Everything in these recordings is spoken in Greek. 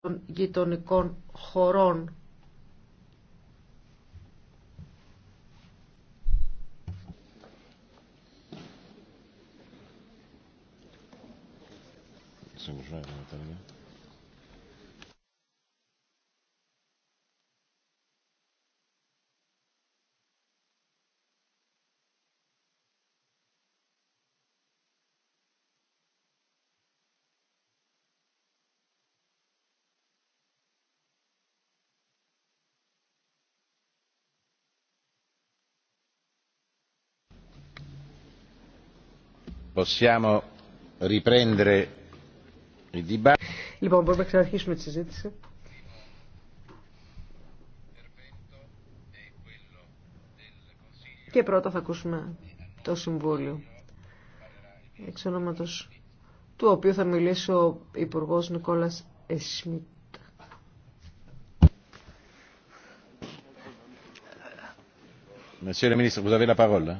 των γειτονικών χωρών. Συγγνώμη, Possiamo riprendere il dibattito. Λοιπόν, μπορούμε να ξαναρχίσουμε τη συζήτηση. Και πρώτα θα ακούσουμε το Συμβούλιο, εξ ονόματος του οποίου θα μιλήσει ο Υπουργός Νικόλας Εσμιτ. Monsieur le ministre, vous avez la parole.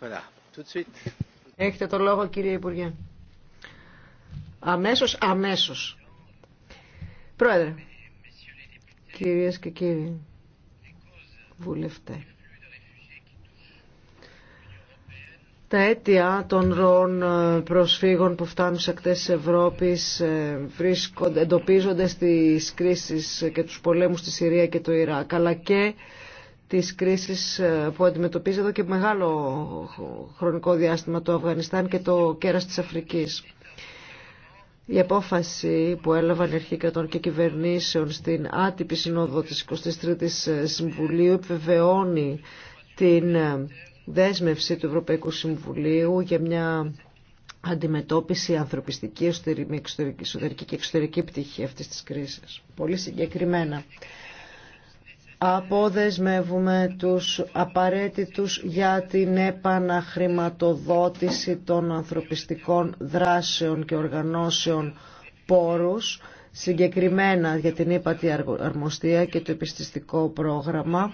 Voilà. Έχετε το λόγο κύριε Υπουργέ. Αμέσως, αμέσως. Πρόεδρε, κυρίες και κύριοι βουλευτέ. Τα αίτια των ροών ε, προσφύγων που φτάνουν σε ακτές της Ευρώπης ε, εντοπίζονται στις κρίσεις και τους πολέμους στη Συρία και το Ιράκ, αλλά και της κρίσης ε, που αντιμετωπίζει εδώ και μεγάλο χρονικό διάστημα το Αφγανιστάν και το κέρας της Αφρικής. Η απόφαση που έλαβαν οι αρχή και κυβερνήσεων στην άτυπη συνόδο της 23ης ε, Συμβουλίου επιβεβαιώνει την ε, δέσμευση του Ευρωπαϊκού Συμβουλίου για μια αντιμετώπιση ανθρωπιστική, εσωτερική και εξωτερική πτυχή αυτής της κρίσης. Πολύ συγκεκριμένα αποδεσμεύουμε τους απαραίτητους για την επαναχρηματοδότηση των ανθρωπιστικών δράσεων και οργανώσεων πόρους, συγκεκριμένα για την ύπατη αρμοστία και το επιστηστικό πρόγραμμα,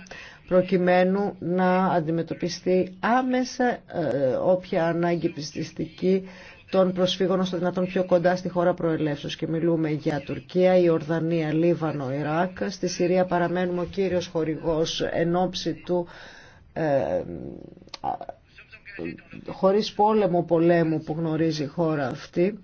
προκειμένου να αντιμετωπιστεί άμεσα ε, όποια ανάγκη πιστιστική των προσφύγων όσο δυνατόν πιο κοντά στη χώρα προελεύσεως και μιλούμε για Τουρκία, Ιορδανία, Λίβανο, Ιράκ. Στη Συρία παραμένουμε ο κύριος χορηγός εν ώψη του ε, χωρίς πόλεμο πολέμου που γνωρίζει η χώρα αυτή.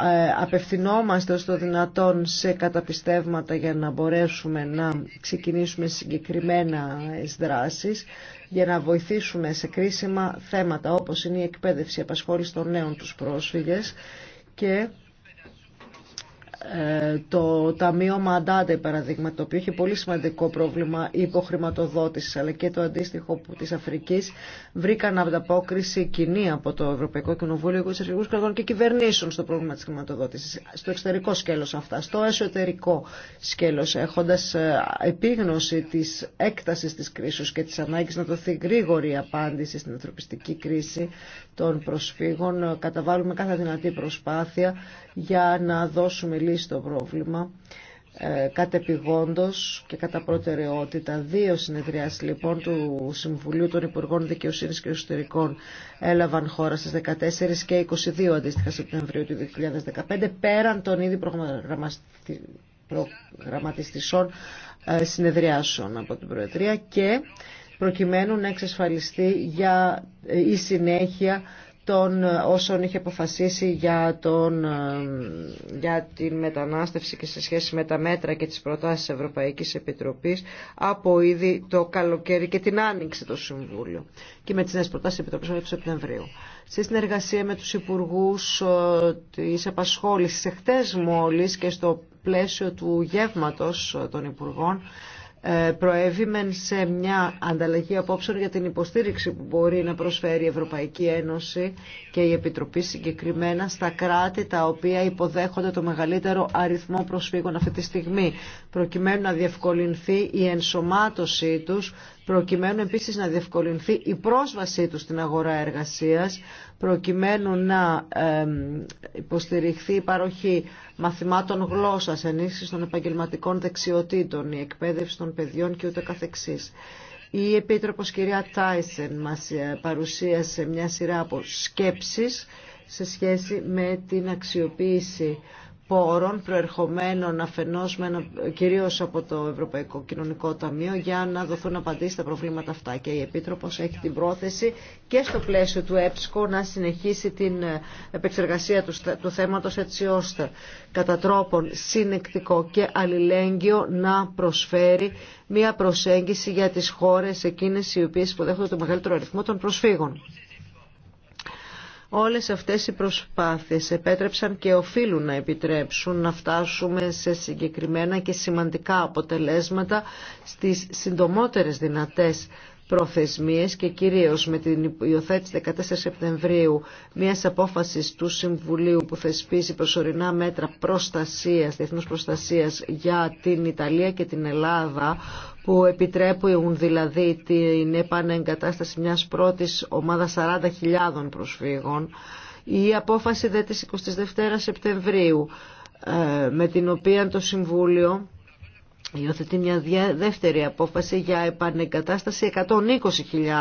Ε, απευθυνόμαστε ως το δυνατόν σε καταπιστεύματα για να μπορέσουμε να ξεκινήσουμε συγκεκριμένα δράσεις για να βοηθήσουμε σε κρίσιμα θέματα όπως είναι η εκπαίδευση, η απασχόληση των νέων τους πρόσφυγες και ε, το Ταμείο Μαντάντε, παραδείγμα, το οποίο έχει πολύ σημαντικό πρόβλημα υποχρηματοδότηση, αλλά και το αντίστοιχο τη Αφρική, βρήκαν ανταπόκριση κοινή από το Ευρωπαϊκό Κοινοβούλιο και του κρατών και κυβερνήσεων στο πρόβλημα τη χρηματοδότηση. Στο εξωτερικό σκέλο αυτά, στο εσωτερικό σκέλο, έχοντα ε, επίγνωση τη έκταση τη κρίση και τη ανάγκη να δοθεί γρήγορη απάντηση στην ανθρωπιστική κρίση των προσφύγων, ε, καταβάλουμε κάθε δυνατή προσπάθεια για να δώσουμε λύση στο πρόβλημα ε, και κατά προτεραιότητα. Δύο συνεδριάσεις λοιπόν του Συμβουλίου των Υπουργών Δικαιοσύνης και Εσωτερικών έλαβαν χώρα στις 14 και 22 αντίστοιχα Σεπτεμβρίου του 2015 πέραν των ήδη προγραμματι... Ε, συνεδριάσεων από την Προεδρία και προκειμένου να εξασφαλιστεί για ε, η συνέχεια των όσων είχε αποφασίσει για, τον, ε, για την μετανάστευση και σε σχέση με τα μέτρα και τις προτάσεις Ευρωπαϊκής Επιτροπής από ήδη το καλοκαίρι και την άνοιξη του Συμβούλιο και με τις νέες προτάσεις Επιτροπής του Σεπτεμβρίου. Στη συνεργασία με τους Υπουργούς ε, της Επασχόλησης, εχθές μόλις και στο πλαίσιο του γεύματος ε, των Υπουργών, ε, προέβημεν σε μια ανταλλαγή απόψεων για την υποστήριξη που μπορεί να προσφέρει η Ευρωπαϊκή Ένωση και η Επιτροπή συγκεκριμένα στα κράτη τα οποία υποδέχονται το μεγαλύτερο αριθμό προσφύγων αυτή τη στιγμή, προκειμένου να διευκολυνθεί η ενσωμάτωσή τους, προκειμένου επίσης να διευκολυνθεί η πρόσβασή τους στην αγορά εργασίας, προκειμένου να υποστηριχθεί η παροχή μαθημάτων γλώσσας, ενίσχυση των επαγγελματικών δεξιοτήτων, η εκπαίδευση των παιδιών και ούτε καθεξής. Η Επίτροπος κυρία Τάισεν μας ε, παρουσίασε μια σειρά από σκέψεις σε σχέση με την αξιοποίηση πόρων προερχομένων αφενός με κυρίως από το Ευρωπαϊκό Κοινωνικό Ταμείο για να δοθούν απαντήσεις στα προβλήματα αυτά και η Επίτροπος έχει την πρόθεση και στο πλαίσιο του ΕΠΣΚΟ να συνεχίσει την επεξεργασία του, του θέματος έτσι ώστε κατά τρόπον συνεκτικό και αλληλέγγυο να προσφέρει μια προσέγγιση για τις χώρες εκείνες οι οποίες υποδέχονται το μεγαλύτερο αριθμό των προσφύγων. Όλες αυτές οι προσπάθειες επέτρεψαν και οφείλουν να επιτρέψουν να φτάσουμε σε συγκεκριμένα και σημαντικά αποτελέσματα στις συντομότερες δυνατές προθεσμίες και κυρίως με την υιοθέτηση 14 Σεπτεμβρίου μιας απόφασης του Συμβουλίου που θεσπίζει προσωρινά μέτρα προστασίας, διεθνούς προστασίας για την Ιταλία και την Ελλάδα που επιτρέπουν δηλαδή την επανεγκατάσταση μιας πρώτης ομάδας 40.000 προσφύγων η απόφαση δε της 22 Σεπτεμβρίου ε, με την οποία το Συμβούλιο Υιοθετεί μια δεύτερη απόφαση για επανεγκατάσταση 120.000 ε,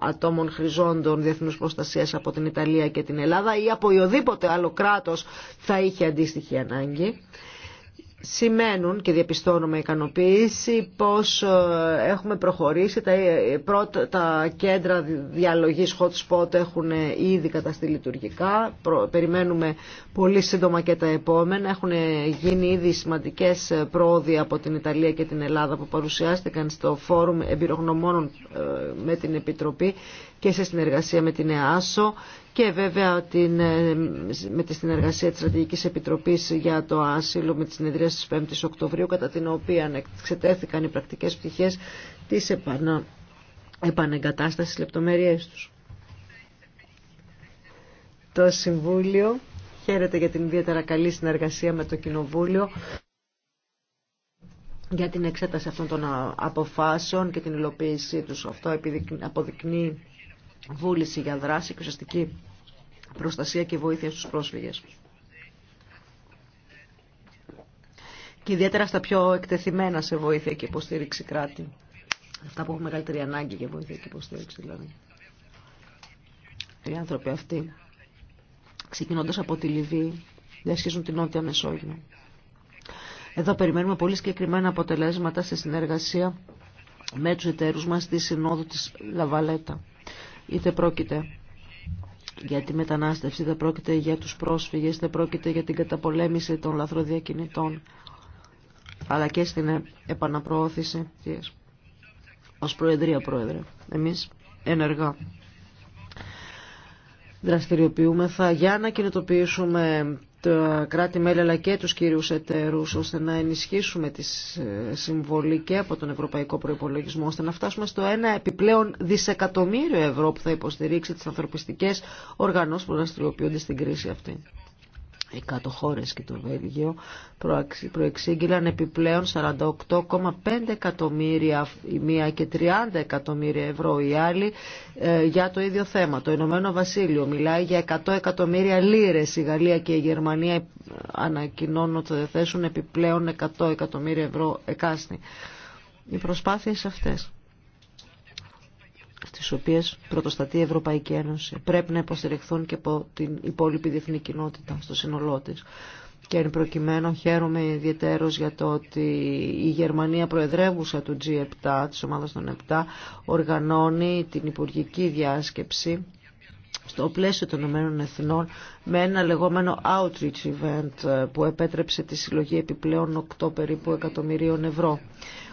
ατόμων χρηζόντων διεθνού προστασία από την Ιταλία και την Ελλάδα ή από οποιοδήποτε άλλο κράτο θα είχε αντίστοιχη ανάγκη σημαίνουν και διαπιστώνουμε ικανοποίηση πως ε, έχουμε προχωρήσει τα, ε, πρώτα, τα κέντρα διαλογής hot spot έχουν ε, ήδη καταστεί λειτουργικά περιμένουμε πολύ σύντομα και τα επόμενα έχουν γίνει ήδη σημαντικές πρόοδοι από την Ιταλία και την Ελλάδα που παρουσιάστηκαν στο φόρουμ εμπειρογνωμόνων με την Επιτροπή και σε συνεργασία με την ΕΑΣΟ και βέβαια ε, με τη συνεργασία της Στρατηγικής Επιτροπής για το Άσυλο με τη συνεδρία της 5ης Οκτωβρίου κατά την οποία εξετέθηκαν οι πρακτικές πτυχές της επανα, επανεγκατάστασης λεπτομέρειές τους. Το Συμβούλιο χαίρεται για την ιδιαίτερα καλή συνεργασία με το Κοινοβούλιο για την εξέταση αυτών των αποφάσεων και την υλοποίησή τους. Αυτό αποδεικνύει βούληση για δράση και ουσιαστική προστασία και βοήθεια στους πρόσφυγες. Και ιδιαίτερα στα πιο εκτεθειμένα σε βοήθεια και υποστήριξη κράτη. Αυτά που έχουν μεγαλύτερη ανάγκη για βοήθεια και υποστήριξη δηλαδή. Οι άνθρωποι αυτοί, ξεκινώντας από τη Λιβύη, διασχίζουν την Νότια Μεσόγειο. Εδώ περιμένουμε πολύ συγκεκριμένα αποτελέσματα σε συνεργασία με τους εταίρους μας στη Συνόδου της Λαβαλέτα είτε πρόκειται για τη μετανάστευση, είτε πρόκειται για τους πρόσφυγες, είτε πρόκειται για την καταπολέμηση των λαθροδιακινητών, αλλά και στην επαναπροώθηση ως Προεδρία Πρόεδρε. Εμείς ενεργά δραστηριοποιούμεθα για να κινητοποιήσουμε τα κράτη-μέλη αλλά και τους κυρίους εταίρους ώστε να ενισχύσουμε τη συμβολή και από τον Ευρωπαϊκό Προϋπολογισμό ώστε να φτάσουμε στο ένα επιπλέον δισεκατομμύριο ευρώ που θα υποστηρίξει τις ανθρωπιστικές οργανώσεις που δραστηριοποιούνται στην κρίση αυτή. Οι κάτω χώρες και το Βέλγιο προεξήγηλαν επιπλέον 48,5 εκατομμύρια η μία και 30 εκατομμύρια ευρώ η άλλη ε, για το ίδιο θέμα. Το Ηνωμένο Βασίλειο μιλάει για 100 εκατομμύρια λίρες. Η Γαλλία και η Γερμανία ε, ανακοινώνουν ότι θα θέσουν επιπλέον 100 εκατομμύρια ευρώ εκάστη. Οι προσπάθειες αυτές στις οποίες πρωτοστατεί η Ευρωπαϊκή Ένωση. Πρέπει να υποστηριχθούν και από την υπόλοιπη διεθνή κοινότητα στο σύνολό της. Και εν προκειμένου χαίρομαι ιδιαίτερος για το ότι η Γερμανία προεδρεύουσα του G7, της ομάδας των 7, οργανώνει την υπουργική διάσκεψη στο πλαίσιο των Ηνωμένων Εθνών με ένα λεγόμενο outreach event ε, που επέτρεψε τη συλλογή επιπλέον 8 περίπου εκατομμυρίων ευρώ.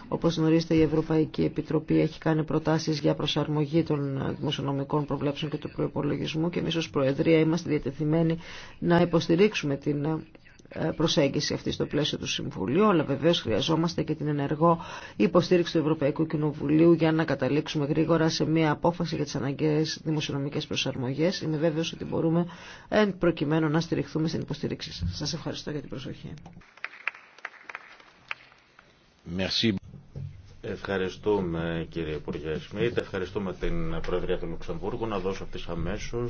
Όπως γνωρίζετε η Ευρωπαϊκή Επιτροπή έχει κάνει προτάσεις για προσαρμογή των δημοσιονομικών προβλέψεων και του προϋπολογισμού και εμείς ως Προεδρία είμαστε διατεθειμένοι να υποστηρίξουμε την ε, προσέγγιση αυτή στο πλαίσιο του Συμβουλίου, αλλά βεβαίως χρειαζόμαστε και την ενεργό υποστήριξη του Ευρωπαϊκού Κοινοβουλίου για να καταλήξουμε γρήγορα σε μια απόφαση για τις αναγκαίες δημοσιονομικές προσαρμογές. Είμαι βέβαιος ότι μπορούμε προκειμένου να στηριχθούμε στην υποστήριξη σας. Σας ευχαριστώ για την προσοχή. Merci. Ευχαριστούμε κύριε Υπουργέ Σμιτ, ευχαριστούμε την Προεδρία του Λουξεμβούργου να δώσω αυτή αμέσω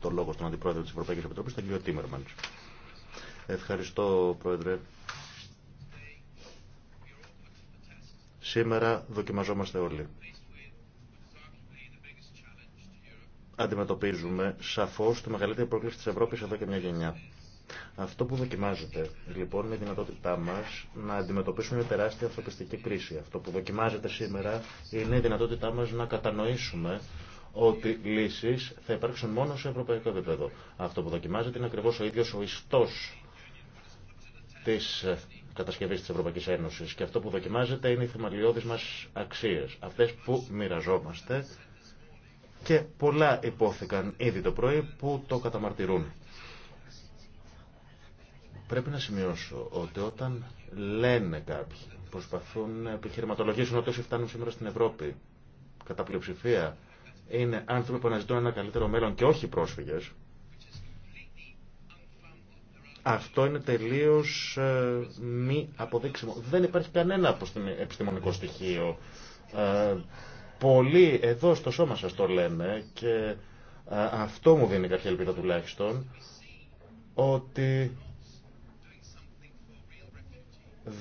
το λόγο στον Αντιπρόεδρο τη Ευρωπαϊκή Επιτροπή, τον κύριο Τίμερμαντ. Ευχαριστώ, Πρόεδρε. Σήμερα δοκιμαζόμαστε όλοι. Αντιμετωπίζουμε σαφώς τη μεγαλύτερη πρόκληση της Ευρώπης εδώ και μια γενιά. Αυτό που δοκιμάζεται λοιπόν είναι η δυνατότητά μα να αντιμετωπίσουμε μια τεράστια ανθρωπιστική κρίση. Αυτό που δοκιμάζεται σήμερα είναι η δυνατότητά μα να κατανοήσουμε ότι λύσει θα υπάρξουν μόνο σε ευρωπαϊκό επίπεδο. Αυτό που δοκιμάζεται είναι ακριβώ ο ίδιο ο ιστό τη κατασκευή τη Ευρωπαϊκή Ένωση. Και αυτό που δοκιμάζεται είναι οι θεμαλιώδει μα αξίε. Αυτέ που μοιραζόμαστε και πολλά υπόθηκαν ήδη το πρωί που το καταμαρτυρούν. Πρέπει να σημειώσω ότι όταν λένε κάποιοι, προσπαθούν να επιχειρηματολογήσουν ότι όσοι φτάνουν σήμερα στην Ευρώπη, κατά πλειοψηφία, είναι άνθρωποι που αναζητούν ένα καλύτερο μέλλον και όχι πρόσφυγες, αυτό είναι τελείως ε, μη αποδείξιμο. Δεν υπάρχει κανένα επιστημονικό στοιχείο. Ε, πολλοί εδώ στο σώμα σας το λένε και ε, αυτό μου δίνει κάποια ελπίδα τουλάχιστον ότι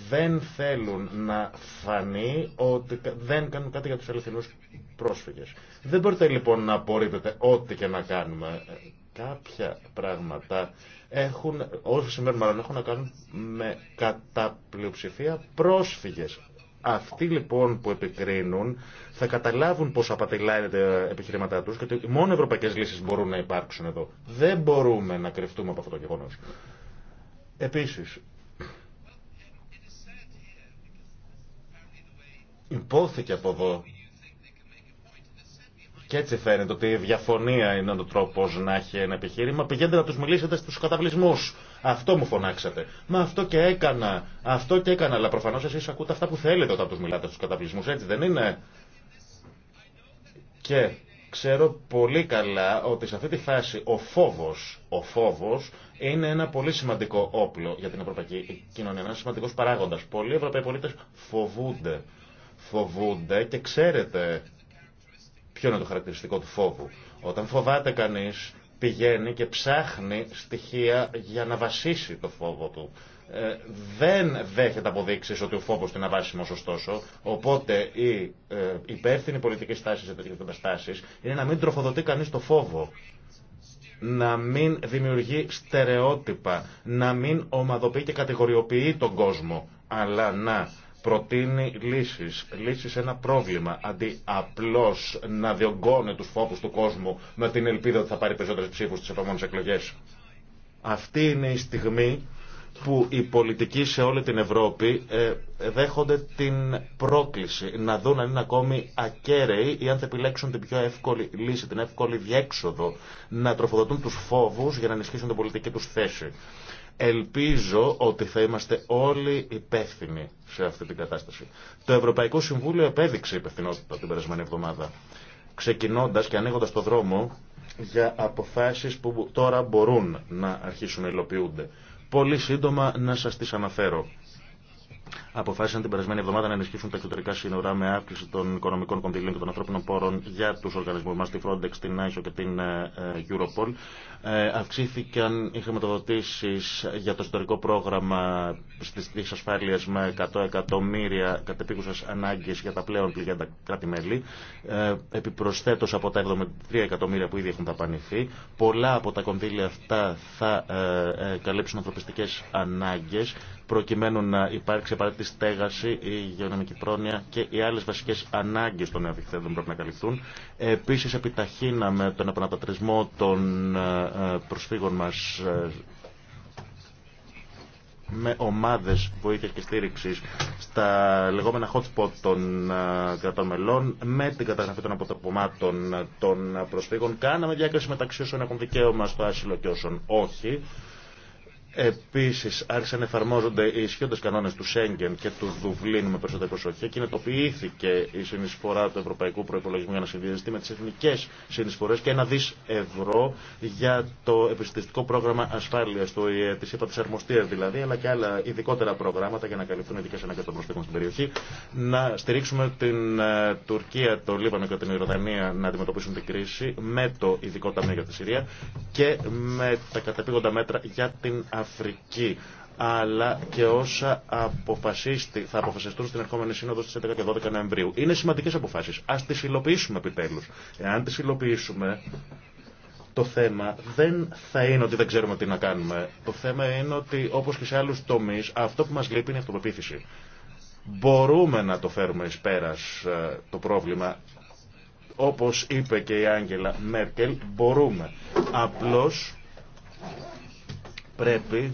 δεν θέλουν να φανεί ότι δεν κάνουν κάτι για τους αληθινούς πρόσφυγες. Δεν μπορείτε λοιπόν να απορρίπτετε ό,τι και να κάνουμε. Ε, κάποια πράγματα έχουν, όσο σήμερα μάλλον, έχουν να κάνουν με κατά πλειοψηφία πρόσφυγες. Αυτοί λοιπόν που επικρίνουν θα καταλάβουν πώς απατηλάνε τα επιχειρήματά τους και ότι μόνο ευρωπαϊκές λύσεις μπορούν να υπάρξουν εδώ. Δεν μπορούμε να κρυφτούμε από αυτό το γεγονός. Επίσης, υπόθηκε από εδώ και έτσι φαίνεται ότι η διαφωνία είναι ο τρόπο να έχει ένα επιχείρημα. Πηγαίνετε να του μιλήσετε στου καταβλισμού. Αυτό μου φωνάξατε. Μα αυτό και έκανα. Αυτό και έκανα. Αλλά προφανώ εσεί ακούτε αυτά που θέλετε όταν του μιλάτε στου καταβλισμού. Έτσι δεν είναι. Και ξέρω πολύ καλά ότι σε αυτή τη φάση ο φόβο, ο φόβος είναι ένα πολύ σημαντικό όπλο για την ευρωπαϊκή κοινωνία, ένα σημαντικό παράγοντα. Πολλοί Ευρωπαίοι πολίτε φοβούνται φοβούνται και ξέρετε ποιο είναι το χαρακτηριστικό του φόβου. Όταν φοβάται κανείς πηγαίνει και ψάχνει στοιχεία για να βασίσει το φόβο του. Ε, δεν δέχεται αποδείξεις ότι ο φόβος είναι αβάσιμος ωστόσο, οπότε η ε, υπεύθυνη πολιτική στάση σε τέτοιες καταστάσεις είναι να μην τροφοδοτεί κανείς το φόβο να μην δημιουργεί στερεότυπα, να μην ομαδοποιεί και κατηγοριοποιεί τον κόσμο, αλλά να προτείνει λύσεις, λύσεις σε ένα πρόβλημα, αντί απλώς να διωγγώνει τους φόβους του κόσμου με την ελπίδα ότι θα πάρει περισσότερες ψήφους στις επόμενες εκλογές. Αυτή είναι η στιγμή που οι πολιτικοί σε όλη την Ευρώπη ε, δέχονται την πρόκληση να δουν αν είναι ακόμη ακέραιοι ή αν θα επιλέξουν την πιο εύκολη λύση, την εύκολη διέξοδο, να τροφοδοτούν τους φόβους για να ενισχύσουν την πολιτική τους θέση. Ελπίζω ότι θα είμαστε όλοι υπεύθυνοι σε αυτή την κατάσταση. Το Ευρωπαϊκό Συμβούλιο επέδειξε υπευθυνότητα την περασμένη εβδομάδα, ξεκινώντα και ανοίγοντα το δρόμο για αποφάσει που τώρα μπορούν να αρχίσουν να υλοποιούνται. Πολύ σύντομα να σα τι αναφέρω αποφάσισαν την περασμένη εβδομάδα να ενισχύσουν τα εξωτερικά σύνορα με αύξηση των οικονομικών κονδυλίων και των ανθρώπινων πόρων για του οργανισμού μα, τη Frontex, την ISO και την ε, Europol. Ε, αυξήθηκαν οι χρηματοδοτήσει για το ιστορικό πρόγραμμα τη ασφάλεια με 100 εκατομμύρια κατεπίγουσα ανάγκε για τα πλέον πληγέντα κράτη-μέλη. Ε, Επιπροσθέτω από τα 73 εκατομμύρια που ήδη έχουν δαπανηθεί. Πολλά από τα κονδύλια αυτά θα καλύψουν ανθρωπιστικέ ανάγκε προκειμένου να υπάρξει απαραίτητη στέγαση, η υγειονομική πρόνοια και οι άλλε βασικέ ανάγκε των νεοδικτέτων πρέπει να καλυφθούν. Επίση, επιταχύναμε τον επαναπατρισμό των ε, προσφύγων μα ε, με ομάδε βοήθεια και στήριξη στα λεγόμενα hot spot των ε, κρατών μελών, με την καταγραφή των αποτελεσμάτων των προσφύγων. Κάναμε διάκριση μεταξύ όσων έχουν δικαίωμα στο άσυλο και όσων όχι. Επίση, άρχισαν να εφαρμόζονται οι ισχύοντε κανόνε του Σέγγεν και του Δουβλίνου με περισσότερη προσοχή. Κινητοποιήθηκε η συνεισφορά του Ευρωπαϊκού Προπολογισμού για να συνδυαστεί με τι εθνικέ συνεισφορέ και ένα δι ευρώ για το επιστημιστικό πρόγραμμα ασφάλεια του ΙΕ, τη ΕΠΑ τη δηλαδή, αλλά και άλλα ειδικότερα προγράμματα για να καλυφθούν ειδικέ ανάγκε των προσφύγων στην περιοχή. Να στηρίξουμε την ε, Τουρκία, το Λίβανο και την Ιορδανία να αντιμετωπίσουν την κρίση με το ειδικό ταμείο για τη Συρία και με τα κατεπήγοντα μέτρα για την Αφρική αλλά και όσα αποφασίστη, θα αποφασιστούν στην ερχόμενη σύνοδο στις 11 και 12 Νοεμβρίου. Είναι σημαντικές αποφάσεις. Ας τις υλοποιήσουμε επιτέλους. Εάν τις υλοποιήσουμε, το θέμα δεν θα είναι ότι δεν ξέρουμε τι να κάνουμε. Το θέμα είναι ότι όπως και σε άλλους τομείς, αυτό που μας λείπει είναι η αυτοπεποίθηση. Μπορούμε να το φέρουμε εις πέρας ε, το πρόβλημα. Όπως είπε και η Άγγελα Μέρκελ, μπορούμε. Απλώς πρέπει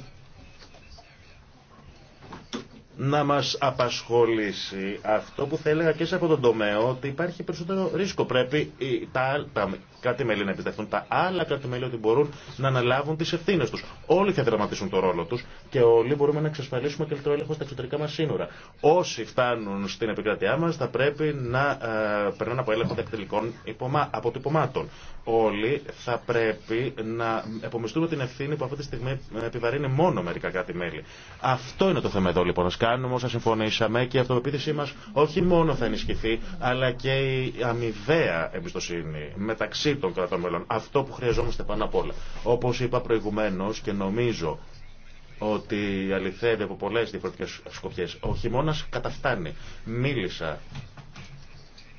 να μας απασχολήσει αυτό που θα έλεγα και σε αυτόν τον τομέα ότι υπάρχει περισσότερο ρίσκο. Πρέπει τα, τα κάτι μέλη να επιτεθούν, τα άλλα κάτι μέλη ότι μπορούν να αναλάβουν τις ευθύνες τους. Όλοι θα δραματίσουν το ρόλο τους και όλοι μπορούμε να εξασφαλίσουμε και το έλεγχο στα εξωτερικά μας σύνορα. Όσοι φτάνουν στην επικρατειά μας θα πρέπει να ε, περνούν από έλεγχο δεκτυλικών αποτυπωμάτων. Όλοι θα πρέπει να επομιστούμε την ευθύνη που αυτή τη στιγμή επιβαρύνει μόνο μερικά κάτι μέλη. Αυτό είναι το θέμα εδώ λοιπόν κάνουμε όσα συμφωνήσαμε και η αυτοπεποίθησή μα όχι μόνο θα ενισχυθεί, αλλά και η αμοιβαία εμπιστοσύνη μεταξύ των κρατών μελών. Αυτό που χρειαζόμαστε πάνω απ' όλα. Όπω είπα προηγουμένω και νομίζω ότι αληθεύει από πολλέ διαφορετικέ σκοπίε, Ο χειμώνα καταφτάνει. Μίλησα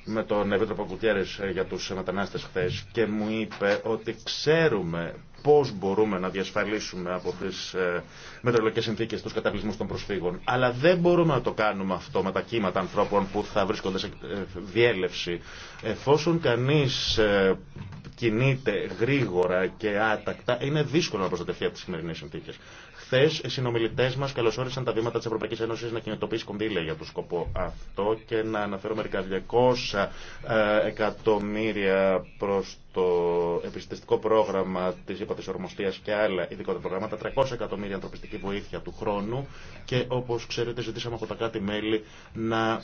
με τον Επίτροπο Κουτιέρη για του μετανάστε χθε και μου είπε ότι ξέρουμε πώς μπορούμε να διασφαλίσουμε από τις ε, μετρολογικές συνθήκες τους καταβλισμούς των προσφύγων. Αλλά δεν μπορούμε να το κάνουμε αυτό με τα κύματα ανθρώπων που θα βρίσκονται σε ε, διέλευση. Εφόσον κανείς ε, κινείται γρήγορα και άτακτα, είναι δύσκολο να προστατευτεί από τις σημερινές συνθήκες. Χθε οι συνομιλητέ μα καλωσόρισαν τα βήματα τη Ευρωπαϊκή Ένωση να κινητοποιήσει κονδύλια για το σκοπό αυτό και να αναφέρω μερικά 200 ε, εκατομμύρια προ το επιστημιστικό πρόγραμμα τη Ορμοστία και άλλα ειδικότερα προγράμματα, 300 εκατομμύρια ανθρωπιστική βοήθεια του χρόνου και όπω ξέρετε ζητήσαμε από τα κάτι μελη να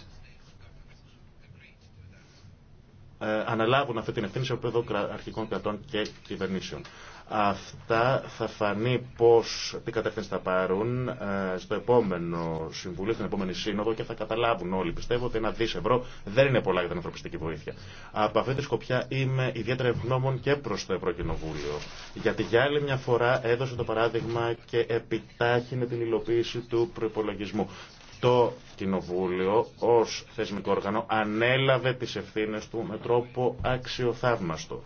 ε, αναλάβουν αυτή την ευθύνη σε επίπεδο αρχικών κρατών και κυβερνήσεων. Αυτά θα φανεί πω τι κατεύθυνση θα πάρουν ε, στο επόμενο Συμβουλίο, στην επόμενη Σύνοδο και θα καταλάβουν όλοι. Πιστεύω ότι ένα δις ευρώ δεν είναι πολλά για την ανθρωπιστική βοήθεια. Από αυτή τη σκοπιά είμαι ιδιαίτερα ευγνώμων και προς το Ευρωκοινοβούλιο. Γιατί για άλλη μια φορά έδωσε το παράδειγμα και επιτάχυνε την υλοποίηση του προπολογισμού το Κοινοβούλιο ως θεσμικό όργανο ανέλαβε τις ευθύνες του με τρόπο αξιοθαύμαστο.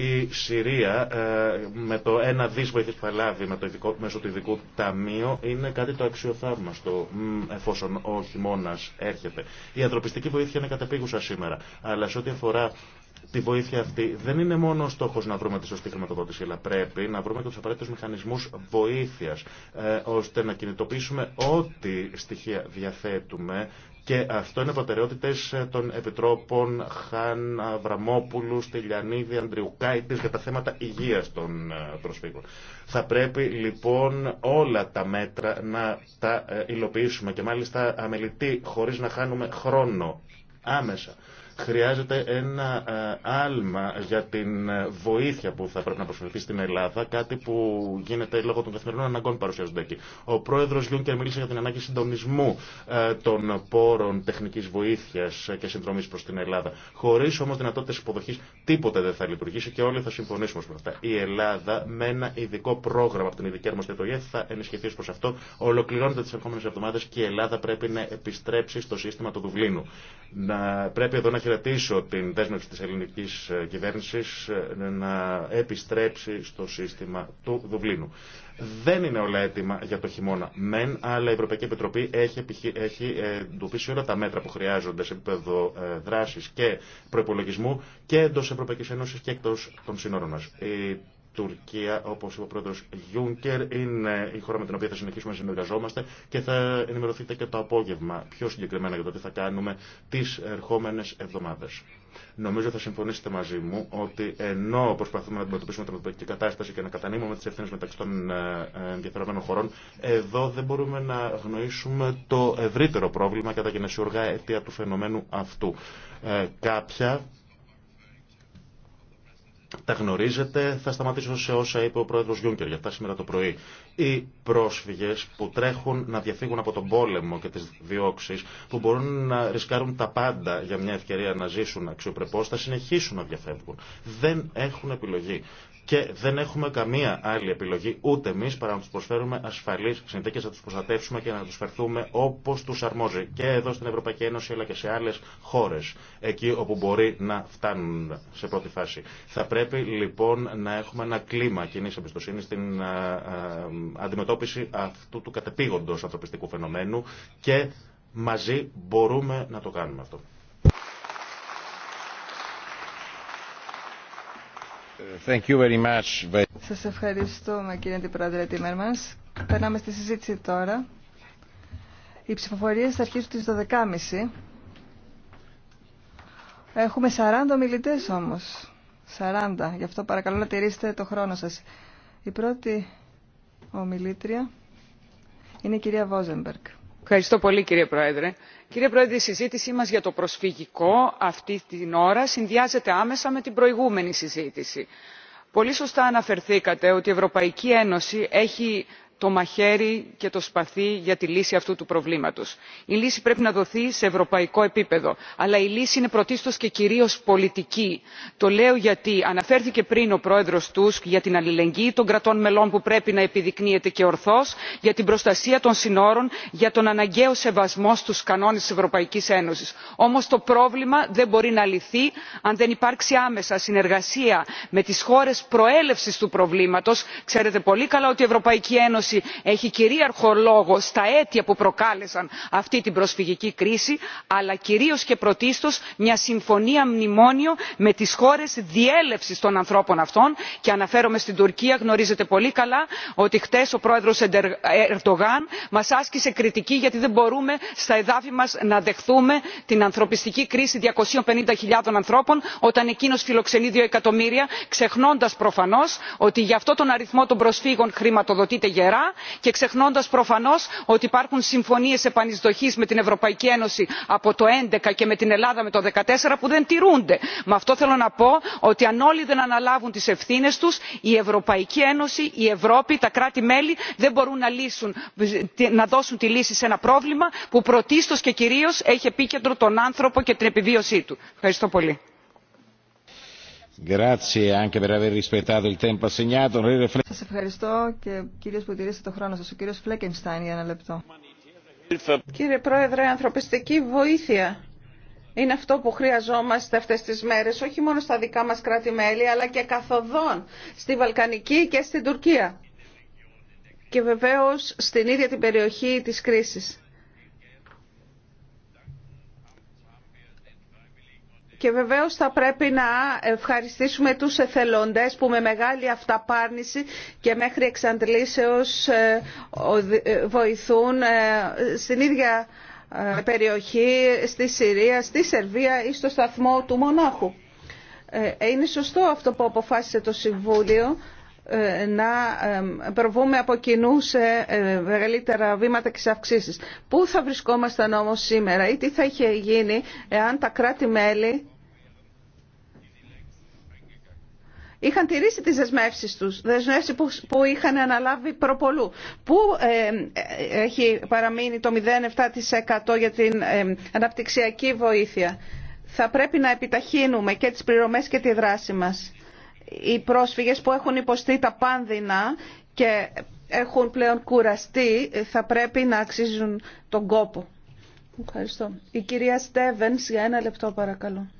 Η Συρία ε, με το ένα δις που θα με το ειδικό, μέσω του ειδικού ταμείου είναι κάτι το αξιοθαύμαστο εφόσον ο χειμώνα έρχεται. Η ανθρωπιστική βοήθεια είναι κατεπίγουσα σήμερα, αλλά σε ό,τι αφορά τη βοήθεια αυτή δεν είναι μόνο ο στόχο να βρούμε τη σωστή χρηματοδότηση, αλλά πρέπει να βρούμε και του απαραίτητου μηχανισμού βοήθεια, ε, ώστε να κινητοποιήσουμε ό,τι στοιχεία διαθέτουμε και αυτό είναι προτεραιότητε ε, των επιτρόπων Χαν Αβραμόπουλου, Στυλιανίδη, Αντριουκάητη για τα θέματα υγεία των προσφύγων. Ε, Θα πρέπει λοιπόν όλα τα μέτρα να τα ε, υλοποιήσουμε και μάλιστα αμελητή, χωρί να χάνουμε χρόνο άμεσα. Χρειάζεται ένα ε, άλμα για την ε, βοήθεια που θα πρέπει να προσφερθεί στην Ελλάδα, κάτι που γίνεται λόγω των καθημερινών αναγκών που παρουσιάζονται εκεί. Ο πρόεδρο Γιούνκερ μίλησε για την ανάγκη συντονισμού ε, των πόρων τεχνική βοήθεια και συνδρομή προ την Ελλάδα. Χωρί όμω δυνατότητε υποδοχή, τίποτε δεν θα λειτουργήσει και όλοι θα συμφωνήσουμε με αυτά. Η Ελλάδα με ένα ειδικό πρόγραμμα από την ειδική αρμοστία θα ενισχυθεί προ αυτό. Ολοκληρώνεται τι ερχόμενε εβδομάδε και η Ελλάδα πρέπει να επιστρέψει στο σύστημα του Δουβλίνου. Να, πρέπει εδώ να χαιρετήσω την δέσμευση της ελληνικής ε, κυβέρνησης ε, να επιστρέψει στο σύστημα του Δουβλίνου. Δεν είναι όλα έτοιμα για το χειμώνα, μεν, αλλά η Ευρωπαϊκή Επιτροπή έχει, έχει ε, εντοπίσει όλα τα μέτρα που χρειάζονται σε επίπεδο δράσης και προπολογισμού και εντός Ευρωπαϊκής Ένωσης και εκτός των σύνορων μας. Τουρκία, όπω είπε ο πρόεδρο Γιούνκερ, είναι η χώρα με την οποία θα συνεχίσουμε να συνεργαζόμαστε και θα ενημερωθείτε και το απόγευμα πιο συγκεκριμένα για το τι θα κάνουμε τι ερχόμενε εβδομάδε. Νομίζω θα συμφωνήσετε μαζί μου ότι ενώ προσπαθούμε να αντιμετωπίσουμε την ευρωπαϊκή κατάσταση και να κατανείμουμε τι ευθύνε μεταξύ των ε, ενδιαφερομένων χωρών, εδώ δεν μπορούμε να γνωρίσουμε το ευρύτερο πρόβλημα κατά γενεσιουργά αιτία του φαινομένου αυτού. Ε, κάποια τα γνωρίζετε. Θα σταματήσω σε όσα είπε ο πρόεδρο Γιούνκερ για αυτά σήμερα το πρωί. Οι πρόσφυγες που τρέχουν να διαφύγουν από τον πόλεμο και τι διώξει, που μπορούν να ρισκάρουν τα πάντα για μια ευκαιρία να ζήσουν αξιοπρεπώ, θα συνεχίσουν να διαφεύγουν. Δεν έχουν επιλογή και δεν έχουμε καμία άλλη επιλογή ούτε εμεί παρά να του προσφέρουμε ασφαλεί συνθήκε, να του προστατεύσουμε και να του φερθούμε όπω του αρμόζει και εδώ στην Ευρωπαϊκή Ένωση αλλά και σε άλλε χώρε, εκεί όπου μπορεί να φτάνουν σε πρώτη φάση. Θα πρέπει λοιπόν να έχουμε ένα κλίμα κοινή εμπιστοσύνη στην ε, ε, αντιμετώπιση αυτού του κατεπήγοντο ανθρωπιστικού φαινομένου και μαζί μπορούμε να το κάνουμε αυτό. Thank Σας ευχαριστούμε κύριε Αντιπρόεδρε Τίμερμανς. Περνάμε στη συζήτηση τώρα. Οι ψηφοφορίες θα αρχίσουν στις 12.30. Έχουμε 40 ομιλητές όμως. 40. Γι' αυτό παρακαλώ να τηρήσετε το χρόνο σας. Η πρώτη ομιλήτρια είναι η κυρία Βόζεμπεργκ. Ευχαριστώ πολύ κύριε Πρόεδρε κύριε πρόεδρε η συζήτησή μας για το προσφυγικό αυτή την ώρα συνδυάζεται άμεσα με την προηγούμενη συζήτηση. πολύ σωστά αναφερθήκατε ότι η ευρωπαϊκή ένωση έχει το μαχαίρι και το σπαθί για τη λύση αυτού του προβλήματος. η λύση πρέπει να δοθεί σε ευρωπαϊκό επίπεδο αλλά η λύση είναι πρωτίστως και κυρίως πολιτική. το λέω γιατί αναφέρθηκε πριν ο πρόεδρος τούσκ για την αλληλεγγύη των κρατών μελών που πρέπει να επιδεικνύεται και ορθώς για την προστασία των συνόρων για τον αναγκαίο σεβασμό στους κανόνες της ευρωπαϊκής ένωσης. όμως το πρόβλημα δεν μπορεί να λυθεί αν δεν υπάρξει άμεσα συνεργασία με τις χώρες προέλευσης του προβλήματος. ξέρετε πολύ καλά ότι η ευρωπαϊκή ένωση ένωση έχει κυρίαρχο λόγο στα αίτια που προκάλεσαν αυτή την προσφυγική κρίση αλλά κυρίως και πρωτίστως μια συμφωνία μνημόνιο με τις χώρες διέλευσης των ανθρώπων αυτών και αναφέρομαι στην τουρκία γνωρίζετε πολύ καλά ότι χτες ο πρόεδρος ερντογάν μας άσκησε κριτική γιατί δεν μπορούμε στα εδάφη μας να δεχθούμε την ανθρωπιστική κρίση 250.000 ανθρώπων όταν εκείνος φιλοξενεί δύο εκατομμύρια ξεχνώντας προφανώς ότι για αυτό τον αριθμό των προσφύγων χρηματοδοτείται γερά και ξεχνώντας προφανώς ότι υπάρχουν συμφωνίες επανεισδοχής με την ευρωπαϊκή ένωση από το 2011 και με την ελλάδα με το 2014 που δεν τηρούνται. με αυτό θέλω να πω ότι αν όλοι δεν αναλάβουν τις ευθύνες τους η ευρωπαϊκή ένωση η ευρώπη τα κράτη μέλη δεν μπορούν να, να δώσουν τη λύση σε ένα πρόβλημα που πρωτίστως και κυρίως έχει επίκεντρο τον άνθρωπο και την επιβίωσή του. ευχαριστώ πολύ. Σας ευχαριστώ και κύριος που τηρήσατε το χρόνο σας, ο κύριος Φλέκενστάιν για ένα λεπτό. Κύριε Πρόεδρε, ανθρωπιστική βοήθεια είναι αυτό που χρειαζόμαστε αυτές τις μέρες, όχι μόνο στα δικά μας κράτη-μέλη, αλλά και καθοδόν στη Βαλκανική και στην Τουρκία. Και βεβαίως στην ίδια την περιοχή της κρίσης. Και βεβαίως θα πρέπει να ευχαριστήσουμε τους εθελοντές που με μεγάλη αυταπάρνηση και μέχρι εξαντλήσεως ε, ε, βοηθούν ε, στην ίδια περιοχή, στη Συρία, στη Σερβία ή στο σταθμό του Μονάχου. Είναι σωστό αυτό που αποφάσισε το Συμβούλιο να προβούμε από κοινού σε ε, μεγαλύτερα βήματα και σε Πού θα βρισκόμασταν όμω σήμερα ή τι θα είχε γίνει εάν τα κράτη-μέλη είχαν τηρήσει τις δεσμεύσεις τους, δεσμευσει που, είχαν αναλάβει προπολού. Πού ε, ε, έχει παραμείνει το 0,7% για την αναπτυξιακή βοήθεια. Θα πρέπει να επιταχύνουμε και τις πληρωμές και τη δράση μας οι πρόσφυγες που έχουν υποστεί τα πάνδυνα και έχουν πλέον κουραστεί θα πρέπει να αξίζουν τον κόπο. Ευχαριστώ. Η κυρία Στέβενς για ένα λεπτό παρακαλώ.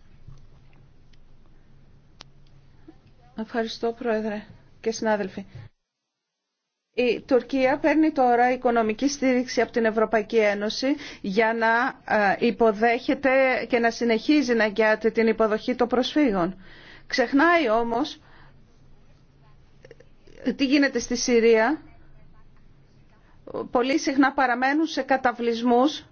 Ευχαριστώ Πρόεδρε και συνάδελφοι. Η Τουρκία παίρνει τώρα οικονομική στήριξη από την Ευρωπαϊκή Ένωση για να ε, υποδέχεται και να συνεχίζει να αγκιάται την υποδοχή των προσφύγων. Ξεχνάει όμως τι γίνεται στη Συρία. Πολύ συχνά παραμένουν σε καταβλισμούς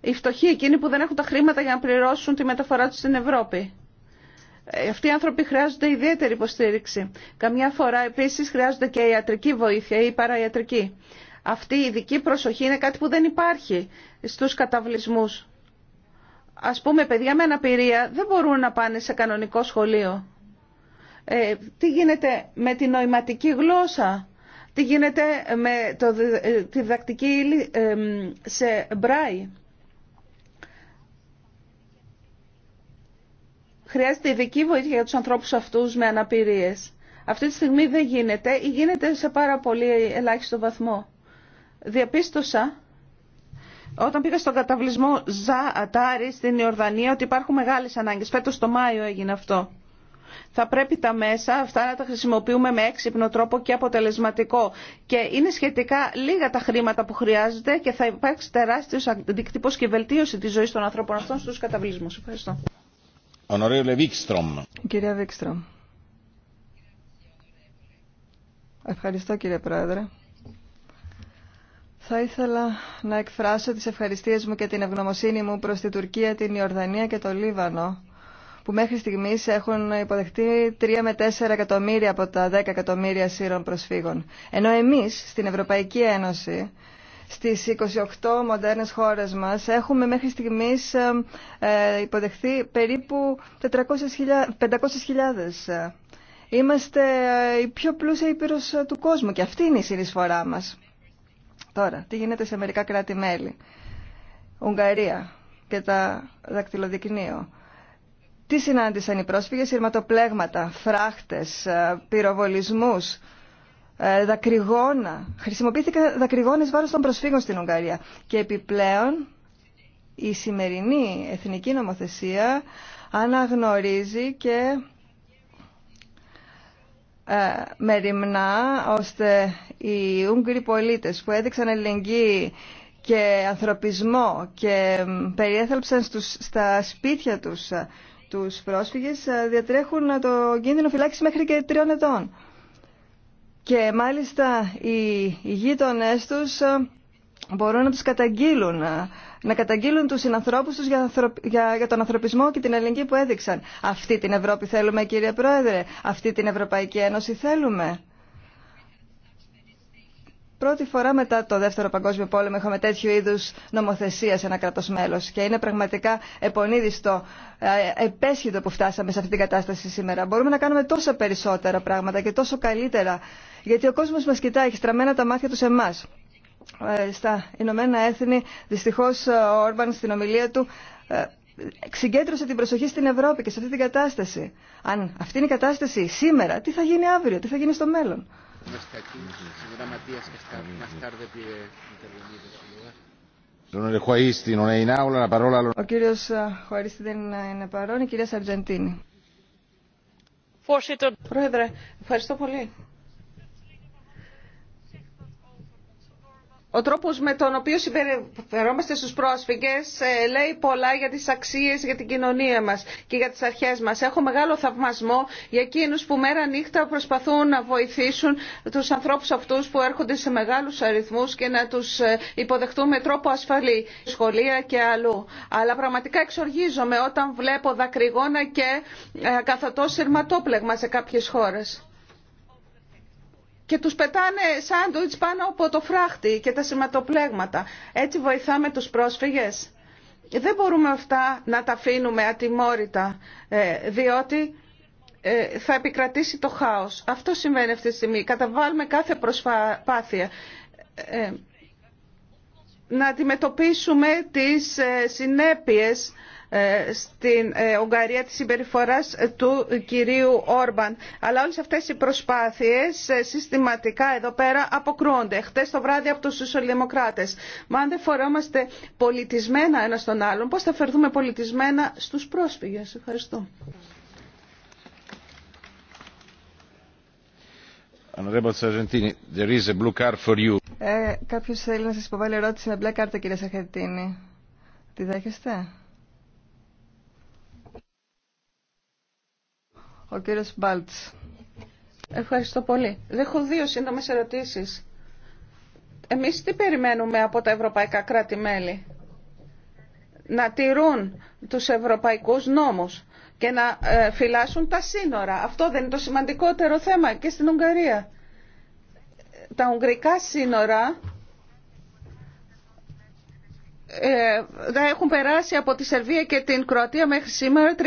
οι φτωχοί εκείνοι που δεν έχουν τα χρήματα για να πληρώσουν τη μεταφορά τους στην Ευρώπη. Ε, αυτοί οι άνθρωποι χρειάζονται ιδιαίτερη υποστήριξη. Καμιά φορά επίσης χρειάζονται και ιατρική βοήθεια ή παραϊατρική. Αυτή η ειδική προσοχή είναι κάτι που δεν υπάρχει στους καταβλισμούς Ας πούμε, παιδιά με αναπηρία δεν μπορούν να πάνε σε κανονικό σχολείο. Ε, τι γίνεται με τη νοηματική γλώσσα. Τι γίνεται με το, ε, τη διδακτική ύλη ε, σε μπράι. Χρειάζεται ειδική βοήθεια για τους ανθρώπους αυτούς με αναπηρίες. Αυτή τη στιγμή δεν γίνεται ή γίνεται σε πάρα πολύ ελάχιστο βαθμό. Διαπίστωσα όταν πήγα στον καταβλισμό Ζαατάρη στην Ιορδανία ότι υπάρχουν μεγάλε ανάγκε. Φέτος το Μάιο έγινε αυτό. Θα πρέπει τα μέσα αυτά να τα χρησιμοποιούμε με έξυπνο τρόπο και αποτελεσματικό. Και είναι σχετικά λίγα τα χρήματα που χρειάζεται και θα υπάρξει τεράστιο αντίκτυπο και βελτίωση τη ζωή των ανθρώπων αυτών στου καταβλισμούς. Ευχαριστώ. Κυρία Βίξτρομ. Ευχαριστώ κύριε Πρόεδρε. Θα ήθελα να εκφράσω τις ευχαριστίες μου και την ευγνωμοσύνη μου προς τη Τουρκία, την Ιορδανία και το Λίβανο που μέχρι στιγμής έχουν υποδεχτεί 3 με 4 εκατομμύρια από τα 10 εκατομμύρια σύρων προσφύγων. Ενώ εμείς στην Ευρωπαϊκή Ένωση στις 28 μοντέρνες χώρες μας έχουμε μέχρι στιγμής ε, ε, υποδεχθεί περίπου 500.000. Είμαστε ε, η πιο πλούσια ήπειρος του κόσμου και αυτή είναι η συνεισφορά μας. Τώρα, τι γίνεται σε μερικά κράτη-μέλη. Ουγγαρία και τα δακτυλοδεικνύω. Τι συνάντησαν οι πρόσφυγες, σειρματοπλέγματα, φράχτες, ε, πυροβολισμούς, ε, δακρυγόνα. Χρησιμοποιήθηκαν δακρυγόνες βάρος των προσφύγων στην Ουγγαρία. Και επιπλέον η σημερινή εθνική νομοθεσία αναγνωρίζει και ε, μεριμνά ώστε οι Ούγγροι πολίτες που έδειξαν ελληνική και ανθρωπισμό και περιέθαλψαν στους, στα σπίτια τους ε, τους πρόσφυγες ε, διατρέχουν το κίνδυνο φυλάξη μέχρι και τριών ετών. Και μάλιστα οι γείτονές τους μπορούν να τους καταγγείλουν, ε, να, καταγγείλουν τους συνανθρώπους τους για, για, για, τον ανθρωπισμό και την ελληνική που έδειξαν. Αυτή την Ευρώπη θέλουμε κύριε Πρόεδρε, αυτή την Ευρωπαϊκή Ένωση θέλουμε. Πρώτη φορά μετά το Δεύτερο Παγκόσμιο Πόλεμο είχαμε τέτοιου είδου νομοθεσία σε ένα κράτο και είναι πραγματικά επονίδιστο, επέσχυτο που φτάσαμε σε αυτή την κατάσταση σήμερα. Μπορούμε να κάνουμε τόσα περισσότερα πράγματα και τόσο καλύτερα, γιατί ο κόσμο μα κοιτάει, έχει στραμμένα τα μάτια του σε εμά. Ε, στα Ηνωμένα Έθνη, δυστυχώς ε, ο Όρμπαν στην ομιλία του ε, συγκέντρωσε την προσοχή στην Ευρώπη και σε αυτή την κατάσταση. Αν αυτή είναι η κατάσταση σήμερα, τι θα γίνει αύριο, τι θα γίνει στο μέλλον. Ο κύριος Χουαρίστη δεν είναι παρόν, η κυρία Σαρτζαντίνη. Πρόεδρε, ευχαριστώ πολύ. Ο τρόπος με τον οποίο συμπεριφερόμαστε στους πρόσφυγες ε, λέει πολλά για τις αξίες, για την κοινωνία μας και για τις αρχές μας. Έχω μεγάλο θαυμασμό για εκείνους που μέρα νύχτα προσπαθούν να βοηθήσουν τους ανθρώπους αυτούς που έρχονται σε μεγάλους αριθμούς και να τους ε, υποδεχτούν με τρόπο ασφαλή, σχολεία και αλλού. Αλλά πραγματικά εξοργίζομαι όταν βλέπω δακρυγόνα και ε, καθατό σειρματόπλεγμα σε κάποιες χώρες και τους πετάνε σάντουιτς πάνω από το φράχτη και τα σηματοπλέγματα. Έτσι βοηθάμε τους πρόσφυγες. Δεν μπορούμε αυτά να τα αφήνουμε ατιμόρυτα, ε, διότι ε, θα επικρατήσει το χάος. Αυτό συμβαίνει αυτή τη στιγμή. Καταβάλουμε κάθε προσπάθεια ε, να αντιμετωπίσουμε τις συνέπειες ε, στην ε, Ουγγαρία της συμπεριφορά ε, του κυρίου Όρμπαν. Αλλά όλες αυτές οι προσπάθειες συστηματικά εδώ πέρα αποκρούονται. Χτες το βράδυ από τους σοσιαλδημοκράτε. Μα αν δεν φορόμαστε πολιτισμένα ένα στον άλλον, πώς θα φερθούμε πολιτισμένα στους πρόσφυγες. Ευχαριστώ. There is a blue card for you. θέλει να σας υποβάλει ερώτηση με μπλε κάρτα, κύριε Σαχερτίνη. Τη δέχεστε? Ο κύριος Μπάλτς. Ευχαριστώ πολύ. Έχω δύο σύντομες ερωτήσεις. Εμείς τι περιμένουμε από τα ευρωπαϊκά κράτη-μέλη. Να τηρούν τους ευρωπαϊκούς νόμους και να ε, φυλάσσουν τα σύνορα. Αυτό δεν είναι το σημαντικότερο θέμα και στην Ουγγαρία. Τα ουγγρικά σύνορα θα ε, έχουν περάσει από τη Σερβία και την Κροατία μέχρι σήμερα 300.000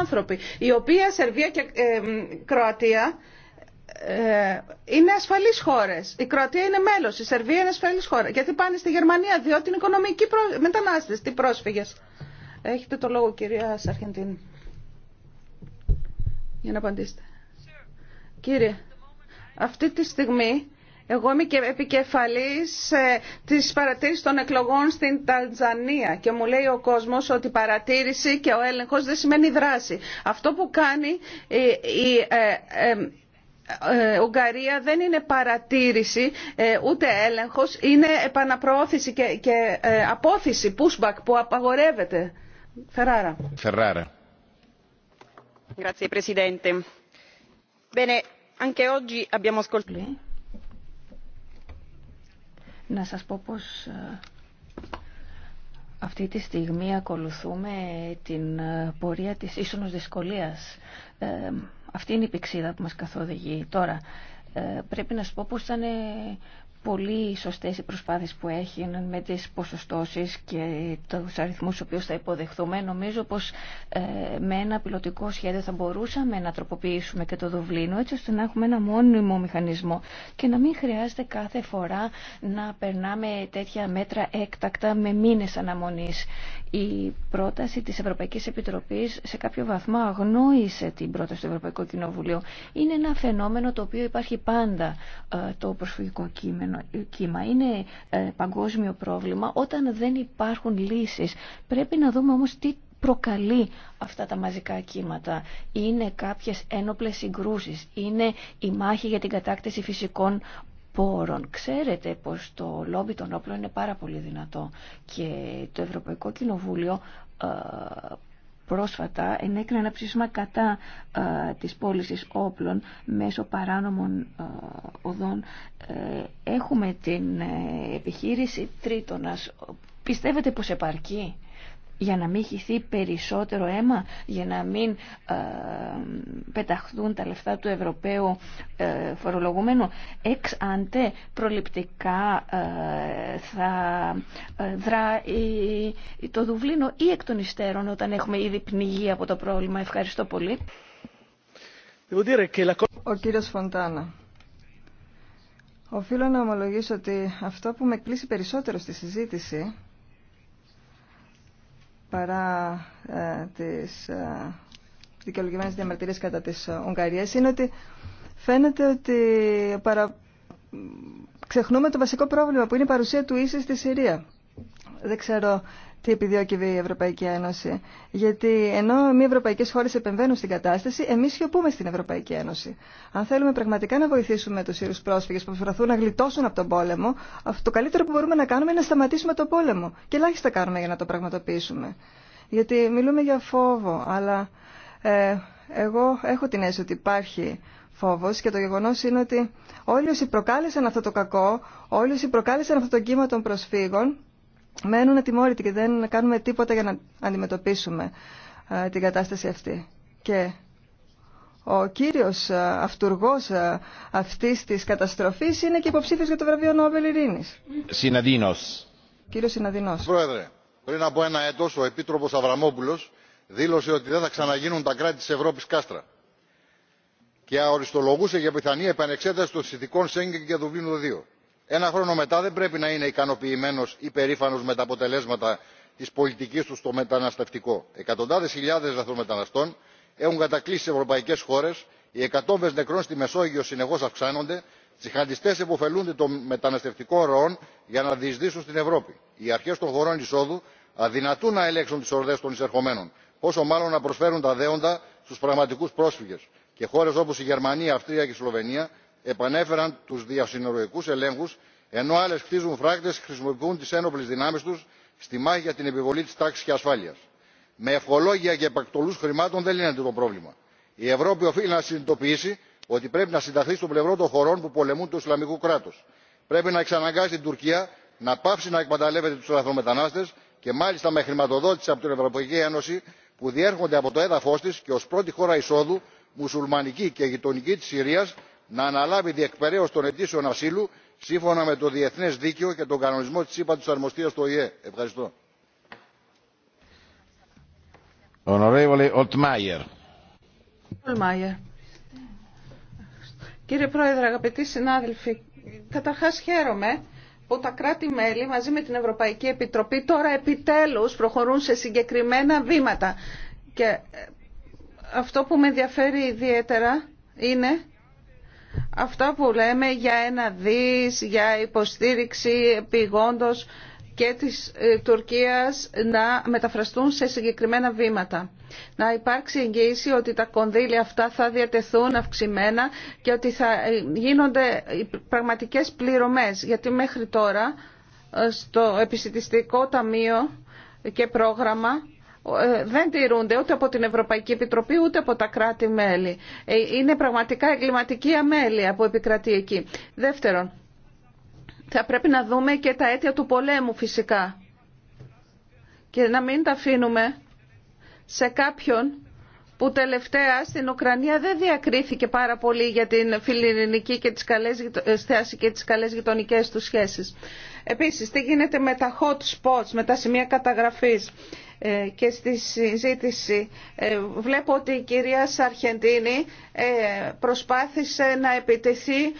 άνθρωποι, η οποία Σερβία και ε, Κροατία ε, είναι ασφαλείς χώρες. Η Κροατία είναι μέλος, η Σερβία είναι ασφαλής χώρα. Γιατί πάνε στη Γερμανία, διότι είναι οικονομικοί μετανάστευση, τι πρόσφυγες. Έχετε το λόγο κυρία Σαρχεντίνη. Για να απαντήσετε. Κύριε, αυτή τη στιγμή εγώ είμαι και επικεφαλής ε, της παρατήρησης των εκλογών στην Τανζανία και μου λέει ο κόσμος ότι παρατήρηση και ο έλεγχος δεν σημαίνει δράση. Αυτό που κάνει η ε, ε, Ουγγαρία δεν είναι παρατήρηση ούτε έλεγχος, είναι επαναπροώθηση και απόθηση pushback που απαγορεύεται. Φεράρα. Φεράρα. Grazie Presidente. Bene, να σας πω πως ε, αυτή τη στιγμή ακολουθούμε την ε, πορεία της ίσονος δυσκολίας. Ε, αυτή είναι η πηξίδα που μας καθοδηγεί. Τώρα, πρέπει να σας πω πως ήταν πολύ σωστές οι προσπάθειες που έχει με τις ποσοστώσεις και τους αριθμούς οποίους θα υποδεχθούμε. Νομίζω πως ε, με ένα πιλωτικό σχέδιο θα μπορούσαμε να τροποποιήσουμε και το Δουβλίνο έτσι ώστε να έχουμε ένα μόνιμο μηχανισμό και να μην χρειάζεται κάθε φορά να περνάμε τέτοια μέτρα έκτακτα με μήνες αναμονής η πρόταση της Ευρωπαϊκής Επιτροπής σε κάποιο βαθμό αγνόησε την πρόταση του Ευρωπαϊκού Κοινοβουλίου. Είναι ένα φαινόμενο το οποίο υπάρχει πάντα ε, το προσφυγικό κείμενο, ε, κύμα. Είναι ε, παγκόσμιο πρόβλημα. Όταν δεν υπάρχουν λύσεις πρέπει να δούμε όμως τι προκαλεί αυτά τα μαζικά κύματα. Είναι κάποιες ένοπλες συγκρούσεις, είναι η μάχη για την κατάκτηση φυσικών Ξέρετε πως το λόμπι των όπλων είναι πάρα πολύ δυνατό και το Ευρωπαϊκό Κοινοβούλιο ε, πρόσφατα ενέκρινε ένα ψησμά κατά ε, της πώληση όπλων μέσω παράνομων ε, οδών. έχουμε την επιχείρηση τρίτονας. Πιστεύετε πως επαρκεί για να μην χυθεί περισσότερο αίμα, για να μην ε, πεταχθούν τα λεφτά του Ευρωπαίου ε, φορολογούμενου. Εξ αντε προληπτικά ε, θα ε, δράει το Δουβλίνο ή εκ των υστέρων όταν έχουμε ήδη πνιγεί από το πρόβλημα. Ευχαριστώ πολύ. Ο κύριος Φοντάνα. Οφείλω να ομολογήσω ότι αυτό που με κλείσει περισσότερο στη συζήτηση παρά ε, τις ε, δικαιολογημένες διαμαρτυρίες κατά της Ουγγαρίας είναι ότι φαίνεται ότι παρα... ξεχνούμε το βασικό πρόβλημα που είναι η παρουσία του ίση στη Συρία. Δεν ξέρω τι επιδιώκει η Ευρωπαϊκή Ένωση. Γιατί ενώ μη ευρωπαϊκέ χώρε επεμβαίνουν στην κατάσταση, εμεί σιωπούμε στην Ευρωπαϊκή Ένωση. Αν θέλουμε πραγματικά να βοηθήσουμε του Ήρου πρόσφυγε που προσπαθούν να γλιτώσουν από τον πόλεμο, το καλύτερο που μπορούμε να κάνουμε είναι να σταματήσουμε τον πόλεμο. Και ελάχιστα κάνουμε για να το πραγματοποιήσουμε. Γιατί μιλούμε για φόβο, αλλά ε, εγώ έχω την αίσθηση ότι υπάρχει φόβος και το γεγονό είναι ότι όλοι όσοι προκάλεσαν αυτό το κακό, όλοι όσοι προκάλεσαν αυτό το κύμα των προσφύγων, μένουν ατιμόρυτοι και δεν κάνουμε τίποτα για να αντιμετωπίσουμε την κατάσταση αυτή. Και ο κύριος αυτούργός αυτής της καταστροφής είναι και υποψήφιος για το βραβείο Νόμπελ Ειρήνης. Συναδίνος. Κύριος Συναδίνος. Πρόεδρε, πριν από ένα έτος ο Επίτροπος Αβραμόπουλος δήλωσε ότι δεν θα ξαναγίνουν τα κράτη της Ευρώπης κάστρα και αοριστολογούσε για πιθανή επανεξέταση των συνθηκών Σέγγεν και Δουβλίνου 2 ένα χρόνο μετά δεν πρέπει να είναι ικανοποιημένο ή περήφανο με τα αποτελέσματα τη πολιτική του στο μεταναστευτικό. εκατοντάδε χιλιάδε λαθρομεταναστών έχουν κατακλείσει ευρωπαϊκέ χώρε οι εκατόμβε νεκρών στη μεσόγειο συνεχώ αυξάνονται τζιχαντιστέ επωφελούνται των μεταναστευτικών ροών για να διεισδύσουν στην ευρώπη. οι αρχέ των χωρών εισόδου αδυνατούν να ελέγξουν τι ορδέ των εισερχομένων πόσο μάλλον να προσφέρουν τα δέοντα στου πραγματικού πρόσφυγε και χώρε όπω η γερμανία η αυστρία και η σλοβενία επανέφεραν τους διασυνοριακούς ελέγχους ενώ άλλες χτίζουν φράκτες και χρησιμοποιούν τις ένοπλες δυνάμεις τους στη μάχη για την επιβολή της τάξης και ασφάλειας. με ευχολόγια και επακτολούς χρημάτων δεν λύνεται το πρόβλημα. η ευρώπη οφείλει να συνειδητοποιήσει ότι πρέπει να συνταχθεί στο πλευρό των χωρών που πολεμούν το ισλαμικό κράτος. πρέπει να εξαναγκάσει την τουρκία να πάψει να εκμεταλλεύεται τους λαθρομετανάστες και μάλιστα με χρηματοδότηση από την ευρωπαϊκή ένωση που διέρχονται από το έδαφος της και ως πρώτη χώρα εισόδου μουσουλμανική και γειτονική της συρίας να αναλάβει διεκπαιρέως των αιτήσεων ασύλου σύμφωνα με το διεθνέ δίκαιο και τον κανονισμό τη ΥΠΑΤΗΣ αρμοστία του οηε. ευχαριστώ. Κύριε Πρόεδρε, αγαπητοί συνάδελφοι, καταρχάς χαίρομαι που τα κράτη-μέλη μαζί με την Ευρωπαϊκή Επιτροπή τώρα επιτέλους προχωρούν σε συγκεκριμένα βήματα. Και αυτό που με ενδιαφέρει ιδιαίτερα είναι Αυτά που λέμε για ένα δις, για υποστήριξη πηγόντος και της ε, Τουρκίας να μεταφραστούν σε συγκεκριμένα βήματα. Να υπάρξει εγγύηση ότι τα κονδύλια αυτά θα διατεθούν αυξημένα και ότι θα ε, γίνονται πραγματικές πληρωμές. Γιατί μέχρι τώρα ε, στο επιστημιστικό ταμείο και πρόγραμμα ε, δεν τηρούνται ούτε από την Ευρωπαϊκή Επιτροπή ούτε από τα κράτη-μέλη. Ε, είναι πραγματικά εγκληματική αμέλεια που επικρατεί εκεί. Δεύτερον, θα πρέπει να δούμε και τα αίτια του πολέμου φυσικά και να μην τα αφήνουμε σε κάποιον που τελευταία στην Ουκρανία δεν διακρίθηκε πάρα πολύ για την φιλιρινική και τις καλές, ε, και τις καλές γειτονικές του σχέσεις. Επίσης, τι γίνεται με τα hot spots, με τα σημεία καταγραφής ε, και στη συζήτηση. Ε, βλέπω ότι η κυρία Σαρχεντίνη ε, προσπάθησε να επιτεθεί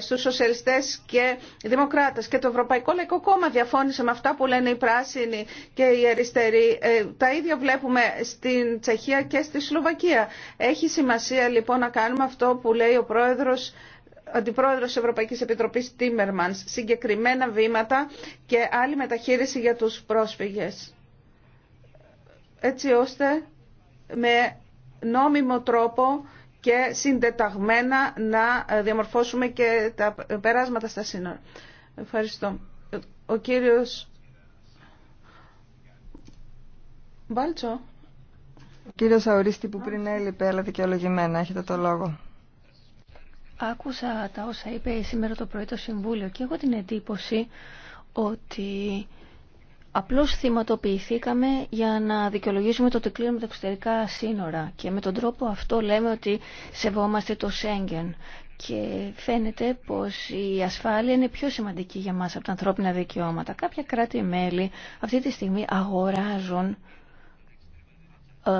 στους σοσιαλιστές και δημοκράτες και το Ευρωπαϊκό Λαϊκό Κόμμα διαφώνησε με αυτά που λένε οι πράσινοι και οι αριστεροί. Τα ίδια βλέπουμε στην Τσεχία και στη Σλοβακία. Έχει σημασία λοιπόν να κάνουμε αυτό που λέει ο πρόεδρος Αντιπρόεδρος της Ευρωπαϊκής Επιτροπής Τίμερμανς συγκεκριμένα βήματα και άλλη μεταχείριση για τους πρόσφυγες. Έτσι ώστε με νόμιμο τρόπο και συντεταγμένα να διαμορφώσουμε και τα περάσματα στα σύνορα. Ευχαριστώ. Ο κύριος Μπάλτσο. Ο κύριος Αουρίστη που πριν έλειπε, αλλά δικαιολογημένα. Έχετε το λόγο. Άκουσα τα όσα είπε σήμερα το πρωί το Συμβούλιο και έχω την εντύπωση ότι απλώς θυματοποιηθήκαμε για να δικαιολογήσουμε το ότι κλείνουμε τα εξωτερικά σύνορα και με τον τρόπο αυτό λέμε ότι σεβόμαστε το Σέγγεν και φαίνεται πως η ασφάλεια είναι πιο σημαντική για μας από τα ανθρώπινα δικαιώματα. Κάποια κράτη-μέλη αυτή τη στιγμή αγοράζουν ε,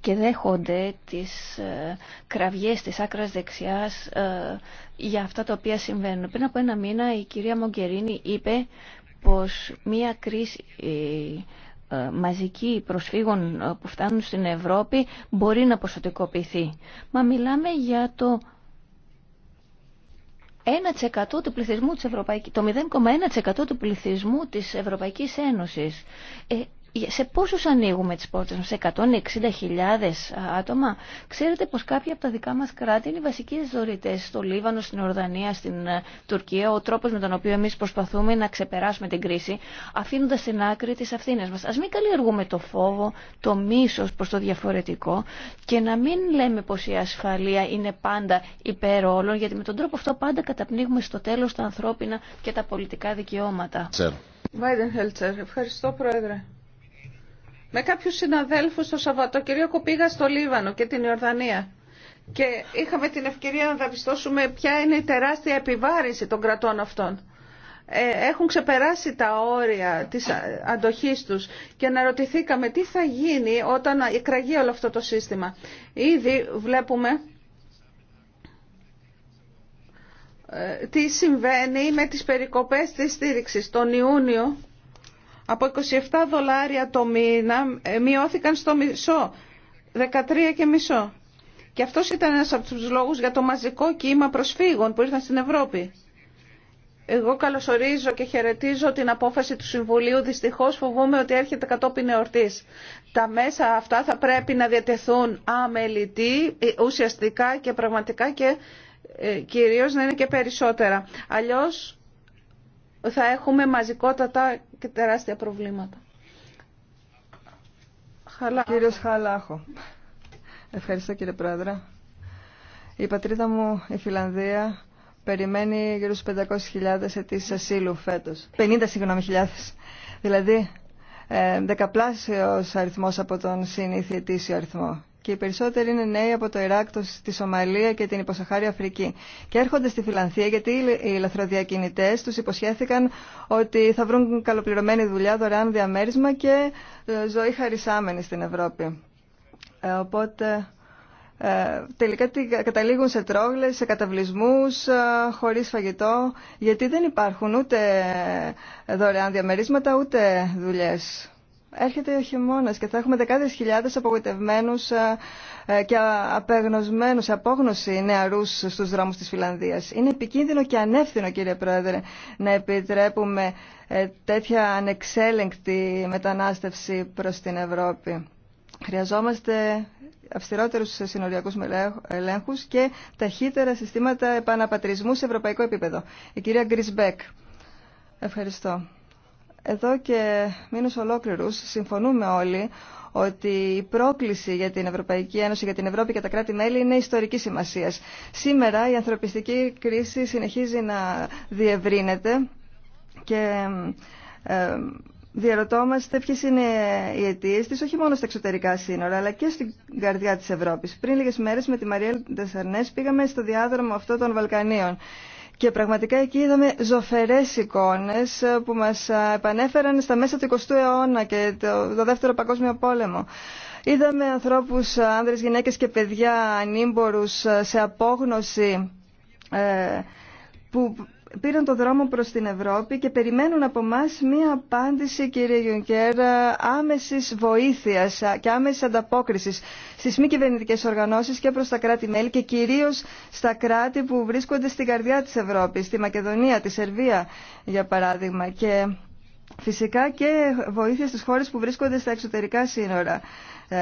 και δέχονται τις ε, κραυγές της άκρας δεξιάς ε, για αυτά τα οποία συμβαίνουν. Πριν από ένα μήνα η κυρία Μογκερίνη είπε πως μία κρίση ε, μαζική προσφύγων που φτάνουν στην Ευρώπη μπορεί να ποσοτικοποιηθεί. Μα μιλάμε για το 1% του πληθυσμού της Ευρωπαϊκής, το 0,1% του πληθυσμού της Ευρωπαϊκής Ένωσης σε πόσους ανοίγουμε τις πόρτες μας, σε 160.000 άτομα. Ξέρετε πως κάποια από τα δικά μας κράτη είναι οι βασικοί δωρητές στο Λίβανο, στην Ορδανία, στην ε, Τουρκία. Ο τρόπος με τον οποίο εμείς προσπαθούμε να ξεπεράσουμε την κρίση, αφήνοντας στην άκρη τις αυθύνες μας. Ας μην καλλιεργούμε το φόβο, το μίσος προς το διαφορετικό και να μην λέμε πως η ασφαλεία είναι πάντα υπέρ όλων, γιατί με τον τρόπο αυτό πάντα καταπνίγουμε στο τέλος τα ανθρώπινα και τα πολιτικά δικαιώματα. Βάιντεν Χέλτσερ, ευχαριστώ Πρόεδρε. Με κάποιους συναδέλφους το Σαββατοκυριακό πήγα στο Λίβανο και την Ιορδανία και είχαμε την ευκαιρία να διαπιστώσουμε ποια είναι η τεράστια επιβάρηση των κρατών αυτών. Ε, έχουν ξεπεράσει τα όρια της αντοχής τους και αναρωτηθήκαμε τι θα γίνει όταν εκραγεί όλο αυτό το σύστημα. Ήδη βλέπουμε ε, τι συμβαίνει με τις περικοπές της στήριξης. Τον Ιούνιο από 27 δολάρια το μήνα ε, μειώθηκαν στο μισό, 13 και μισό. Και αυτός ήταν ένας από τους λόγους για το μαζικό κύμα προσφύγων που ήρθαν στην Ευρώπη. Εγώ καλωσορίζω και χαιρετίζω την απόφαση του Συμβουλίου. Δυστυχώ φοβούμαι ότι έρχεται κατόπιν εορτή. Τα μέσα αυτά θα πρέπει να διατεθούν αμελητή, ε, ουσιαστικά και πραγματικά και ε, κυρίως να είναι και περισσότερα. Αλλιώς θα έχουμε μαζικότατα και τεράστια προβλήματα. Χαλάχο. Κύριος Χαλάχο. Ευχαριστώ κύριε Πρόεδρε. Η πατρίδα μου, η Φιλανδία, περιμένει γύρω στους 500.000 αιτήσεις ασύλου φέτος. 50, συγγνώμη, χιλιάδες. Δηλαδή, ε, δεκαπλάσιος αριθμός από τον συνήθι αιτήσιο αριθμό και οι περισσότεροι είναι νέοι από το Ιράκ, τη Σομαλία και την Υποσαχάρια Αφρική. Και έρχονται στη Φιλανθία γιατί οι λαθροδιακινητέ του υποσχέθηκαν ότι θα βρουν καλοπληρωμένη δουλειά, δωρεάν διαμέρισμα και ε, ζωή χαρισάμενη στην Ευρώπη. Ε, οπότε ε, τελικά καταλήγουν σε τρόγλες, σε καταβλισμούς, χωρίς φαγητό, γιατί δεν υπάρχουν ούτε δωρεάν διαμερίσματα, ούτε δουλειές έρχεται ο χειμώνα και θα έχουμε δεκάδε χιλιάδε απογοητευμένου ε, ε, και απεγνωσμένου, απόγνωση νεαρού στου δρόμου τη Φιλανδίας. Είναι επικίνδυνο και ανεύθυνο κύριε Πρόεδρε να επιτρέπουμε ε, τέτοια ανεξέλεγκτη μετανάστευση προ την Ευρώπη. Χρειαζόμαστε αυστηρότερους συνοριακούς ελέγχους και ταχύτερα συστήματα επαναπατρισμού σε ευρωπαϊκό επίπεδο. Η κυρία Γκρισμπέκ. Ευχαριστώ. Εδώ και μήνους ολόκληρους συμφωνούμε όλοι ότι η πρόκληση για την Ευρωπαϊκή Ένωση, για την Ευρώπη και τα κράτη-μέλη είναι ιστορική σημασία. Σήμερα η ανθρωπιστική κρίση συνεχίζει να διευρύνεται και ε, διαρωτόμαστε ποιε είναι οι αιτίε της, όχι μόνο στα εξωτερικά σύνορα, αλλά και στην καρδιά της ευρώπη Πριν λίγε μέρε με τη Μαριέλ Ντεσσαρνές πήγαμε στο διάδρομο αυτό των Βαλκανίων και πραγματικά εκεί είδαμε ζωφερές εικόνες που μας επανέφεραν στα μέσα του 20ου αιώνα και το, το δεύτερο παγκόσμιο πόλεμο. Είδαμε ανθρώπους, άνδρες, γυναίκες και παιδιά ανήμπορους σε απόγνωση ε, που πήραν το δρόμο προς την Ευρώπη και περιμένουν από εμά μία απάντηση, κύριε Γιουνκέρ, άμεσης βοήθειας και άμεσης ανταπόκρισης στις μη κυβερνητικές οργανώσεις και προς τα κράτη-μέλη και κυρίως στα κράτη που βρίσκονται στην καρδιά της Ευρώπης, στη Μακεδονία, τη Σερβία, για παράδειγμα. Και Φυσικά και βοήθεια στις χώρες που βρίσκονται στα εξωτερικά σύνορα.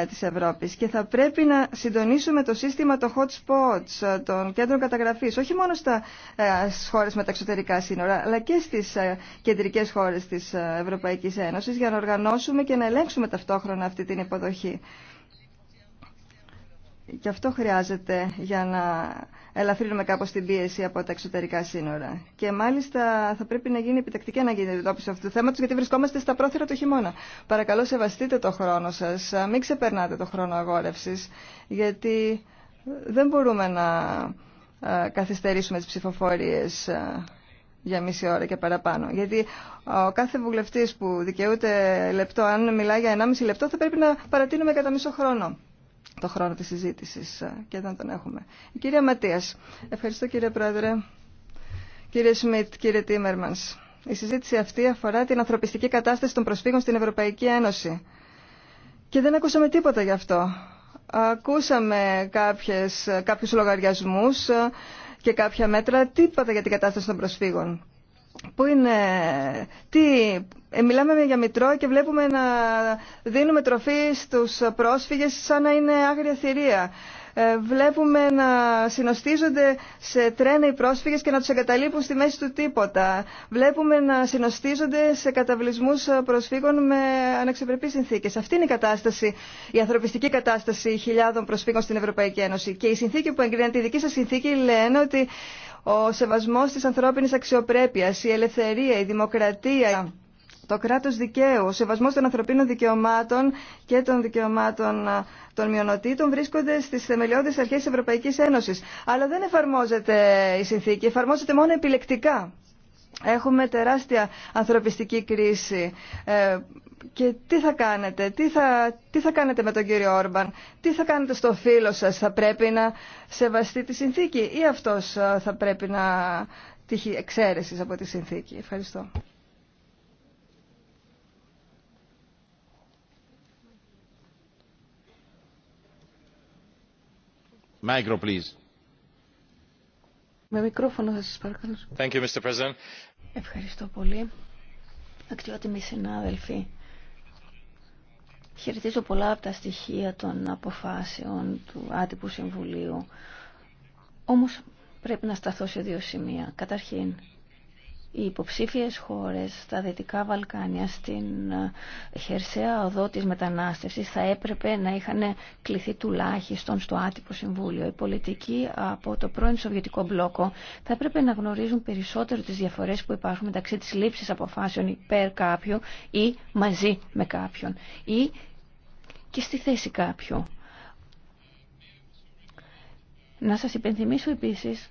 Ε, της Ευρώπης και θα πρέπει να συντονίσουμε το σύστημα των hot spots, ε, των κέντρων καταγραφής, όχι μόνο στα ε, χώρες με τα εξωτερικά σύνορα, αλλά και στις κεντρικές χώρες της Ευρωπαϊκής Ένωσης για να οργανώσουμε και να ελέγξουμε ταυτόχρονα αυτή την υποδοχή. Και αυτό χρειάζεται για να ελαφρύνουμε κάπως την πίεση από τα εξωτερικά σύνορα. Και μάλιστα θα πρέπει να γίνει επιτακτική αντιμετώπιση αυτού του θέματος, γιατί βρισκόμαστε στα πρόθυρα του χειμώνα. Παρακαλώ σεβαστείτε το χρόνο σας, μην ξεπερνάτε το χρόνο αγόρευσης, γιατί δεν μπορούμε να ε, καθυστερήσουμε τις ψηφοφόρειες ε, για μισή ώρα και παραπάνω. Γιατί ε, ο κάθε βουλευτής που δικαιούται λεπτό, αν μιλάει για 1,5 λεπτό, θα πρέπει να παρατείνουμε κατά μισό χρόνο το χρόνο της συζήτησης ε, και δεν τον έχουμε. Η κυρία Ματίας. Ευχαριστώ κύριε Πρόεδρε. Κύριε Σμιτ, κύριε Τίμερμανς. Η συζήτηση αυτή αφορά την ανθρωπιστική κατάσταση των προσφύγων στην Ευρωπαϊκή Ένωση. Και δεν ακούσαμε τίποτα γι' αυτό. Ακούσαμε κάποιες, κάποιους λογαριασμούς ε, και κάποια μέτρα, τίποτα για την κατάσταση των προσφύγων που είναι... Τι, ε, μιλάμε για μητρό και βλέπουμε να δίνουμε τροφή στους πρόσφυγες σαν να είναι άγρια θηρία. Ε, βλέπουμε να συνοστίζονται σε τρένα οι πρόσφυγες και να τους εγκαταλείπουν στη μέση του τίποτα. Βλέπουμε να συνοστίζονται σε καταβλισμούς προσφύγων με αναξεπρεπείς συνθήκες. Αυτή είναι η κατάσταση, η ανθρωπιστική κατάσταση χιλιάδων προσφύγων στην Ευρωπαϊκή Ένωση. Και η συνθήκη που εγκρίνεται, η δική σας συνθήκη, λένε ότι ο σεβασμός της ανθρώπινης αξιοπρέπειας, η ελευθερία, η δημοκρατία, το κράτος δικαίου, ο σεβασμός των ανθρωπίνων δικαιωμάτων και των δικαιωμάτων των μειονοτήτων βρίσκονται στις θεμελιώδεις αρχές της Ευρωπαϊκής Ένωσης. Αλλά δεν εφαρμόζεται η συνθήκη, εφαρμόζεται μόνο επιλεκτικά. Έχουμε τεράστια ανθρωπιστική κρίση ε, και τι θα κάνετε, τι θα, τι θα κάνετε με τον κύριο Όρμπαν, τι θα κάνετε στο φίλο σας, θα πρέπει να σεβαστεί τη συνθήκη ή αυτός ε, θα πρέπει να τύχει εξαίρεσης από τη συνθήκη. Ευχαριστώ. Micro, Με μικρόφωνο σας παρακαλώ. Thank you, Mr. President. Ευχαριστώ πολύ. Αξιότιμοι συνάδελφοι, Χαιρετίζω πολλά από τα στοιχεία των αποφάσεων του Άτυπου Συμβουλίου. Όμως πρέπει να σταθώ σε δύο σημεία. Καταρχήν, οι υποψήφιες χώρες στα Δυτικά Βαλκάνια στην ε, χερσαία οδό της μετανάστευσης θα έπρεπε να είχαν κληθεί τουλάχιστον στο άτυπο συμβούλιο. Οι πολιτικοί από το πρώην Σοβιετικό μπλόκο θα έπρεπε να γνωρίζουν περισσότερο τις διαφορές που υπάρχουν μεταξύ της λήψης αποφάσεων υπέρ κάποιου ή μαζί με κάποιον ή και στη θέση κάποιου. Να σας υπενθυμίσω επίσης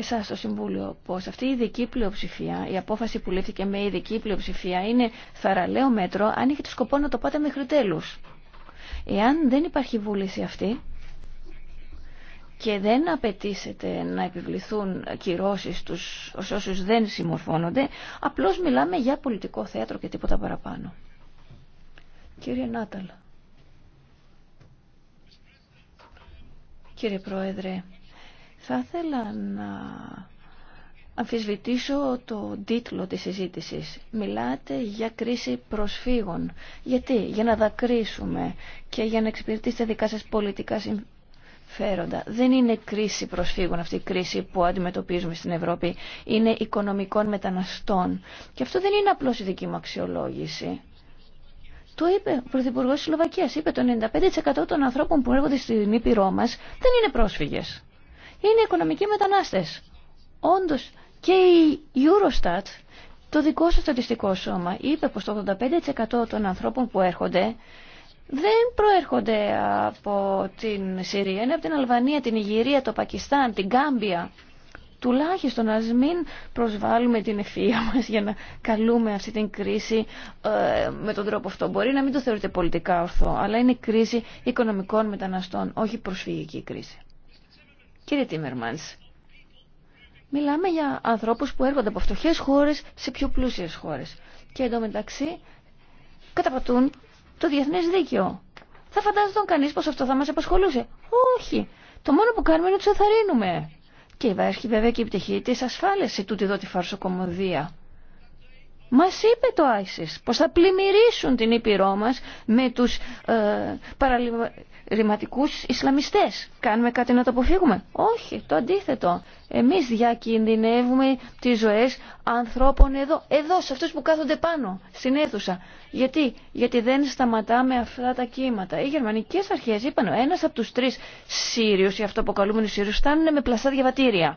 εσά στο Συμβούλιο πω αυτή η ειδική πλειοψηφία, η απόφαση που λήφθηκε με ειδική πλειοψηφία είναι θαραλέο μέτρο αν έχετε σκοπό να το πάτε μέχρι τέλου. Εάν δεν υπάρχει βούληση αυτή και δεν απαιτήσετε να επιβληθούν κυρώσεις στους όσους δεν συμμορφώνονται, απλώς μιλάμε για πολιτικό θέατρο και τίποτα παραπάνω. Κύριε Νάταλ. Κύριε Πρόεδρε, θα ήθελα να αμφισβητήσω το τίτλο της συζήτηση. Μιλάτε για κρίση προσφύγων. Γιατί, για να δακρύσουμε και για να εξυπηρετήσετε δικά σας πολιτικά συμφέροντα. Δεν είναι κρίση προσφύγων αυτή η κρίση που αντιμετωπίζουμε στην Ευρώπη. Είναι οικονομικών μεταναστών. Και αυτό δεν είναι απλώς η δική μου αξιολόγηση. Το είπε ο Πρωθυπουργός της Σλοβακίας. Είπε το 95% των ανθρώπων που έρχονται στην Ήπειρό μας δεν είναι πρόσφυγες είναι οικονομικοί μετανάστες. Όντως και η Eurostat, το δικό σας στατιστικό σώμα, είπε πως το 85% των ανθρώπων που έρχονται δεν προέρχονται από την Συρία, είναι από την Αλβανία, την Ιγυρία, το Πακιστάν, την Κάμπια. Τουλάχιστον ας μην προσβάλλουμε την ευφυία μας για να καλούμε αυτή την κρίση ε, με τον τρόπο αυτό. Μπορεί να μην το θεωρείτε πολιτικά ορθό, αλλά είναι κρίση οικονομικών μεταναστών, όχι προσφυγική κρίση. Κύριε Τίμερμανς, μιλάμε για ανθρώπους που έρχονται από φτωχές χώρες σε πιο πλούσιες χώρες. Και μεταξύ καταπατούν το διεθνές δίκαιο. Θα φαντάζονταν κανείς πως αυτό θα μας απασχολούσε. Όχι. Το μόνο που κάνουμε είναι να τους εθαρρύνουμε. Και υπάρχει βέβαια και η πτυχή της ασφάλειας σε τούτη εδώ τη φαρσοκομωδία. Μας είπε το ISIS πως θα πλημμυρίσουν την Ήπειρό μας με τους ε, ρηματικούς Ισλαμιστές. Κάνουμε κάτι να το αποφύγουμε. Όχι, το αντίθετο. Εμείς διακινδυνεύουμε τις ζωές ανθρώπων εδώ, εδώ, σε αυτούς που κάθονται πάνω, στην αίθουσα. Γιατί, Γιατί δεν σταματάμε αυτά τα κύματα. Οι γερμανικές αρχές είπαν ένας από τους τρεις Σύριους οι αυτοαποκαλούμενοι Σύριους φτάνουν με πλαστά διαβατήρια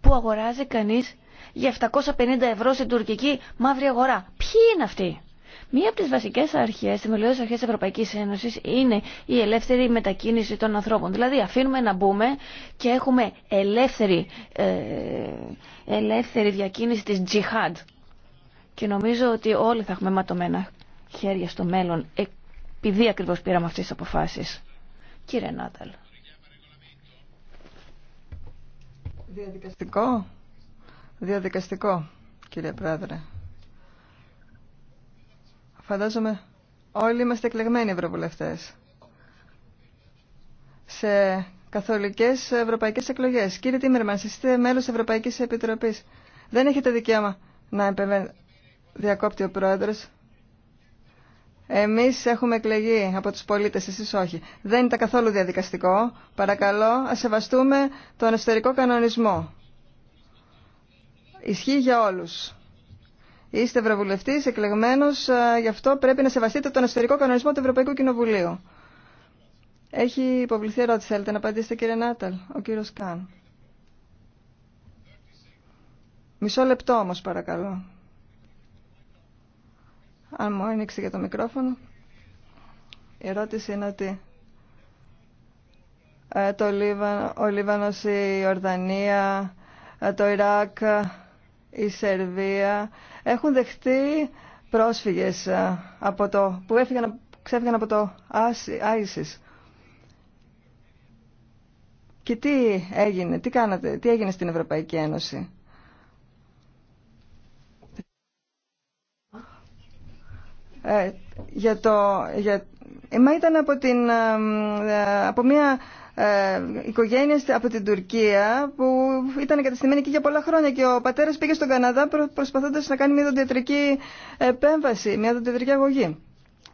που αγοράζει κανείς για 750 ευρώ στην τουρκική μαύρη αγορά. Ποιοι είναι αυτοί. Μία από τις βασικές αρχές, θεμελιώδεις αρχέ τη Ευρωπαϊκή Ένωση είναι η ελεύθερη μετακίνηση των ανθρώπων. Δηλαδή αφήνουμε να μπούμε και έχουμε ελεύθερη, ε, ελεύθερη διακίνηση της τζιχάντ. Και νομίζω ότι όλοι θα έχουμε ματωμένα χέρια στο μέλλον επειδή ακριβώ πήραμε αυτέ τι αποφάσει. Κύριε Νάταλ. Διαδικαστικό. Διαδικαστικό, κύριε Πρόεδρε. Φαντάζομαι όλοι είμαστε εκλεγμένοι ευρωβουλευτές σε καθολικές ευρωπαϊκές εκλογές. Κύριε Τίμερμανς, είστε μέλος Ευρωπαϊκής Επιτροπής. Δεν έχετε δικαίωμα να επεμβαίνετε. Διακόπτει ο πρόεδρος. Εμείς έχουμε εκλεγεί από τους πολίτες, εσείς όχι. Δεν ήταν καθόλου διαδικαστικό. Παρακαλώ, α σεβαστούμε τον εσωτερικό κανονισμό. Ισχύει για όλους. Είστε ευρωβουλευτή, εκλεγμένο, ε, γι' αυτό πρέπει να σεβαστείτε τον εσωτερικό κανονισμό του Ευρωπαϊκού Κοινοβουλίου. Έχει υποβληθεί ερώτηση. Θέλετε να απαντήσετε, κύριε Νάταλ. Ο κύριο Καν. Μισό λεπτό όμω, παρακαλώ. Αν μου άνοιξε για το μικρόφωνο. Η ερώτηση είναι ότι ε, το Λίβανο, ο Λίβανος, η Ορδανία, ε, το Ιράκ, η Σερβία έχουν δεχτεί πρόσφυγες ε, από το, που έφυγαν, ξέφυγαν από το ISIS. Και τι έγινε, τι κάνατε, τι έγινε στην Ευρωπαϊκή Ένωση. Ε, για το, για, ε, μα ήταν από, την, ε, από μια ε, οικογένειες από την Τουρκία που ήταν εγκαταστημένοι εκεί για πολλά χρόνια και ο πατέρας πήγε στον Καναδά προσπαθώντας να κάνει μια δοντιατρική επέμβαση, μια δοντιατρική αγωγή.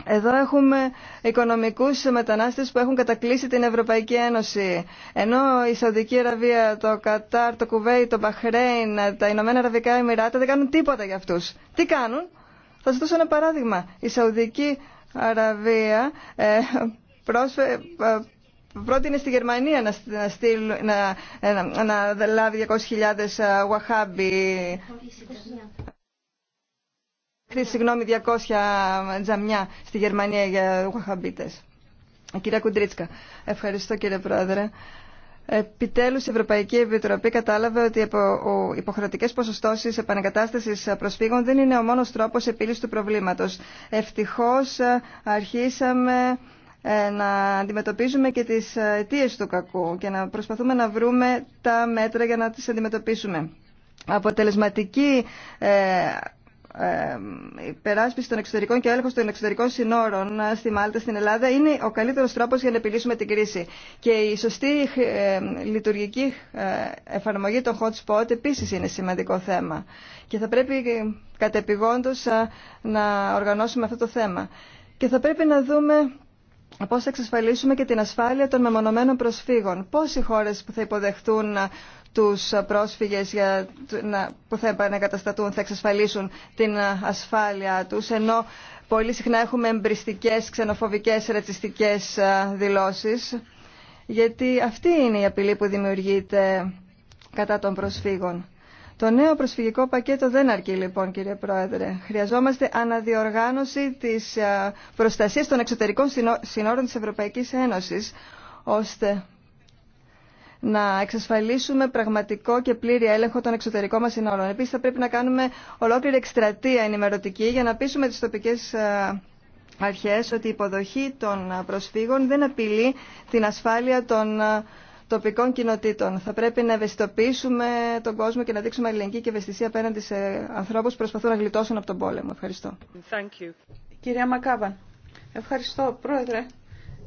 Εδώ έχουμε οικονομικούς μετανάστες που έχουν κατακλείσει την Ευρωπαϊκή Ένωση. Ενώ η Σαουδική Αραβία, το Κατάρ, το Κουβέι, το Μπαχρέιν, τα Ηνωμένα Αραβικά Εμμυράτα δεν κάνουν τίποτα για αυτούς. Τι κάνουν? Θα σας δώσω ένα παράδειγμα. Η Σαουδική Αραβία ε, πρόσφε, ε, πρότεινε στη Γερμανία να, να, να, ε, να λάβει 200.000 ε, Wahhabi. Συγγνώμη, 200 ε, τζαμιά στη Γερμανία για Wahhabites. Κυρία Κουντρίτσκα, ευχαριστώ κύριε Πρόεδρε. Επιτέλους η Ευρωπαϊκή Επιτροπή κατάλαβε ότι οι υποχρεωτικές ποσοστώσεις επανεκατάστασης προσφύγων δεν είναι ο μόνος τρόπος επίλυσης του προβλήματος. Ευτυχώς αρχίσαμε ε, να αντιμετωπίζουμε και τις ε, αιτίε του κακού και να προσπαθούμε να βρούμε τα μέτρα για να τις αντιμετωπίσουμε. Αποτελεσματική ε, ε υπεράσπιση των εξωτερικών και έλεγχο των εξωτερικών συνόρων στη Μάλτα, στην Ελλάδα, είναι ο καλύτερο τρόπο για να επιλύσουμε την κρίση. Και η σωστή λειτουργική εφαρμογή των hot spot επίση είναι σημαντικό θέμα. Και θα πρέπει κατεπηγόντω να οργανώσουμε αυτό το θέμα. Και θα πρέπει να δούμε Πώ θα εξασφαλίσουμε και την ασφάλεια των μεμονωμένων προσφύγων. Πώ οι χώρες που θα υποδεχτούν τους πρόσφυγες που θα επανακαταστατούν θα εξασφαλίσουν την ασφάλεια τους, ενώ πολύ συχνά έχουμε εμπριστικέ, ξενοφοβικέ ρατσιστικέ δηλώσει, γιατί αυτή είναι η απειλή που δημιουργείται κατά των προσφύγων. Το νέο προσφυγικό πακέτο δεν αρκεί λοιπόν κύριε Πρόεδρε. Χρειαζόμαστε αναδιοργάνωση της ε, προστασίας των εξωτερικών συνόρων της Ευρωπαϊκής Ένωσης ώστε να εξασφαλίσουμε πραγματικό και πλήρη έλεγχο των εξωτερικών μας συνόρων. Επίσης θα πρέπει να κάνουμε ολόκληρη εκστρατεία ενημερωτική για να πείσουμε τις τοπικές ε, αρχές ότι η υποδοχή των προσφύγων δεν απειλεί την ασφάλεια των ε, τοπικών κοινοτήτων. Θα πρέπει να ευαισθητοποιήσουμε τον κόσμο και να δείξουμε αλληλεγγύη και ευαισθησία απέναντι σε ανθρώπου που προσπαθούν να γλιτώσουν από τον πόλεμο. Ευχαριστώ. Thank you. Κυρία Μακάβαν, ευχαριστώ, Πρόεδρε.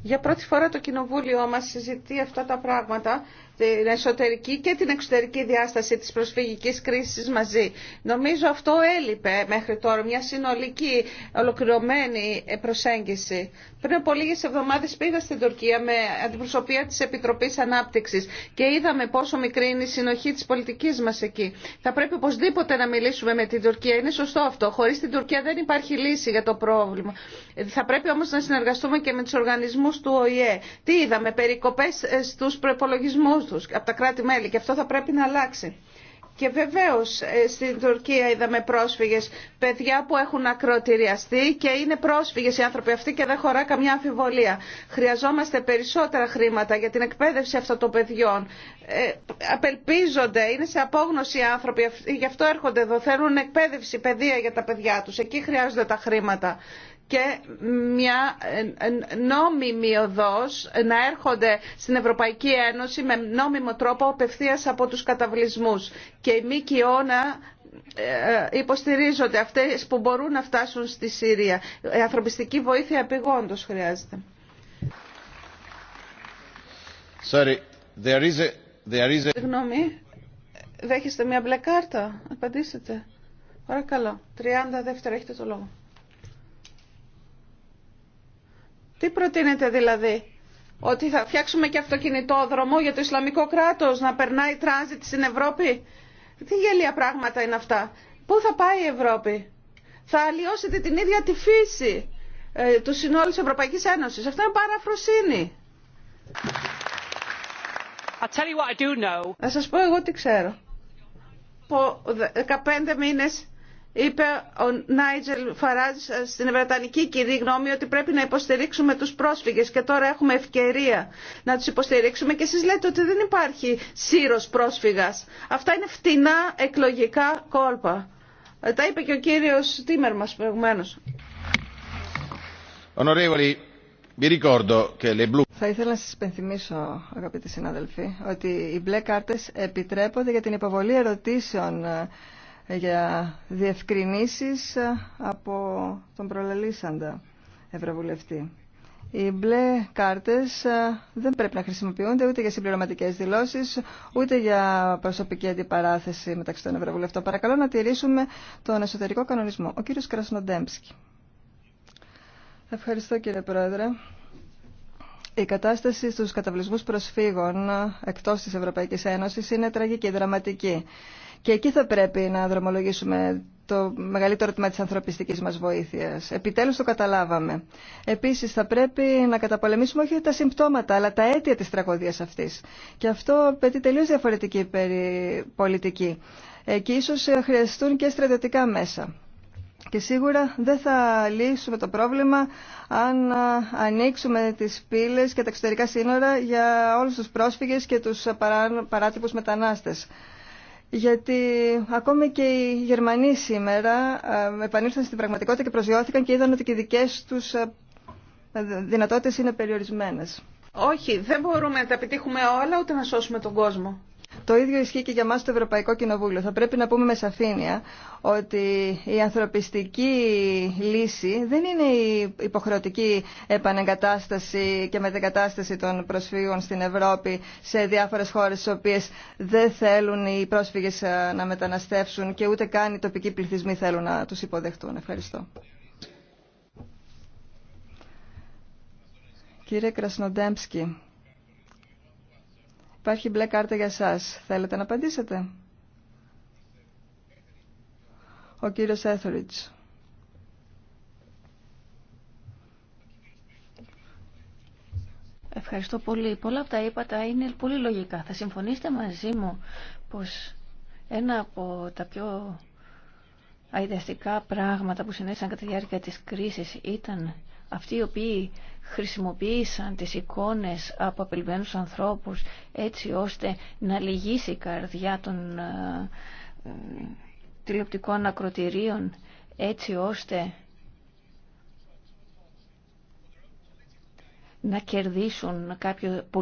Για πρώτη φορά το κοινοβούλιο μας συζητεί αυτά τα πράγματα την εσωτερική και την εξωτερική διάσταση της προσφυγικής κρίσης μαζί. Νομίζω αυτό έλειπε μέχρι τώρα, μια συνολική ολοκληρωμένη προσέγγιση. Πριν από λίγες εβδομάδες πήγα στην Τουρκία με αντιπροσωπεία της Επιτροπής Ανάπτυξης και είδαμε πόσο μικρή είναι η συνοχή της πολιτικής μας εκεί. Θα πρέπει οπωσδήποτε να μιλήσουμε με την Τουρκία, είναι σωστό αυτό. Χωρίς την Τουρκία δεν υπάρχει λύση για το πρόβλημα. Θα πρέπει όμως να συνεργαστούμε και με τους οργανισμούς του ΟΗΕ. Τι είδαμε, περικοπές ε, στους προπολογισμού τους από τα κράτη-μέλη και αυτό θα πρέπει να αλλάξει. Και βεβαίως ε, στην Τουρκία είδαμε πρόσφυγες, παιδιά που έχουν ακροτηριαστεί και είναι πρόσφυγες οι άνθρωποι αυτοί και δεν χωρά καμιά αμφιβολία. Χρειαζόμαστε περισσότερα χρήματα για την εκπαίδευση αυτών των παιδιών. Ε, απελπίζονται, είναι σε απόγνωση οι άνθρωποι, γι' αυτό έρχονται εδώ, θέλουν εκπαίδευση, παιδεία για τα παιδιά του. Εκεί χρειάζονται τα χρήματα και μια ε, ε, νόμιμη οδός να έρχονται στην Ευρωπαϊκή Ένωση με νόμιμο τρόπο απευθείας από τους καταβλισμούς και η ΜΚΟ να ε, υποστηρίζονται αυτές που μπορούν να φτάσουν στη Συρία. Η ανθρωπιστική βοήθεια επιγόντως χρειάζεται. Sorry, there is a, there is a... Συγγνώμη, δέχεστε μια μπλε κάρτα. Απαντήσετε. Παρακαλώ. 30 δεύτερα έχετε το λόγο. Τι προτείνετε δηλαδή, ότι θα φτιάξουμε και αυτοκινητόδρομο για το Ισλαμικό κράτος να περνάει τράνζιτ στην Ευρώπη. Τι γελία πράγματα είναι αυτά. Πού θα πάει η Ευρώπη. Θα αλλοιώσετε την ίδια τη φύση ε, του συνόλου της Ευρωπαϊκής Ένωσης. Αυτό είναι παραφροσύνη. Να σας πω εγώ τι ξέρω. Πο, 15 μήνες είπε ο Νάιτζελ Φαράζ στην Βρετανική κυρία γνώμη ότι πρέπει να υποστηρίξουμε τους πρόσφυγες και τώρα έχουμε ευκαιρία να τους υποστηρίξουμε και εσείς λέτε ότι δεν υπάρχει σύρος πρόσφυγας. Αυτά είναι φτηνά εκλογικά κόλπα. Ε, τα είπε και ο κύριος Τίμερ μας προηγουμένως. Θα ήθελα να σας υπενθυμίσω, αγαπητοί συνάδελφοι, ότι οι μπλε κάρτες επιτρέπονται για την υποβολή ερωτήσεων ε, για διευκρινήσεις από τον προλαλήσαντα Ευρωβουλευτή. Οι μπλε κάρτες δεν πρέπει να χρησιμοποιούνται ούτε για συμπληρωματικές δηλώσεις, ούτε για προσωπική αντιπαράθεση μεταξύ των Ευρωβουλευτών. Παρακαλώ να τηρήσουμε τον εσωτερικό κανονισμό. Ο κύριος Κρασνοντέμψκι. Ευχαριστώ κύριε Πρόεδρε. Η κατάσταση στους καταβλισμούς προσφύγων εκτός της Ευρωπαϊκής Ένωσης είναι τραγική, δραματική. Και εκεί θα πρέπει να δρομολογήσουμε το μεγαλύτερο τμήμα της ανθρωπιστικής μας βοήθειας. Επιτέλους το καταλάβαμε. Επίσης θα πρέπει να καταπολεμήσουμε όχι τα συμπτώματα αλλά τα αίτια της τραγωδίας αυτής. Και αυτό απαιτεί τελείως διαφορετική πολιτική. Εκεί ίσως χρειαστούν και στρατιωτικά μέσα. Και σίγουρα δεν θα λύσουμε το πρόβλημα αν ανοίξουμε τις πύλες και τα εξωτερικά σύνορα για όλους τους πρόσφυγες και τους παράτυπους μετανάστες γιατί ακόμη και οι Γερμανοί σήμερα ε, επανήλθαν στην πραγματικότητα και προσγειώθηκαν και είδαν ότι και οι δικές τους ε, δυνατότητες είναι περιορισμένες. Όχι, δεν μπορούμε να τα επιτύχουμε όλα ούτε να σώσουμε τον κόσμο. Το ίδιο ισχύει και για μας το Ευρωπαϊκό Κοινοβούλιο. Θα πρέπει να πούμε με σαφήνεια ότι η ανθρωπιστική λύση δεν είναι η υποχρεωτική επανεγκατάσταση και μετεγκατάσταση των προσφύγων στην Ευρώπη σε διάφορες χώρες στις οποίες δεν θέλουν οι πρόσφυγες ε, να μεταναστεύσουν και ούτε καν οι τοπικοί πληθυσμοί θέλουν να τους υποδεχτούν. Ευχαριστώ. Κύριε Κρασνοντέμψκι, Υπάρχει μπλε κάρτα για σας. Θέλετε να απαντήσετε. Ο κύριος Έθωριτς. Ευχαριστώ πολύ. Πολλά από τα είπατε είναι πολύ λογικά. Θα συμφωνήσετε μαζί μου πως ένα από τα πιο αειδιαστικά πράγματα που συνέβησαν κατά τη διάρκεια της κρίσης ήταν αυτοί οι οποίοι χρησιμοποίησαν τις εικόνες από απελπένους ανθρώπους έτσι ώστε να λυγίσει η καρδιά των ε, τηλεοπτικών ακροτηρίων έτσι ώστε να κερδίσουν κάποιο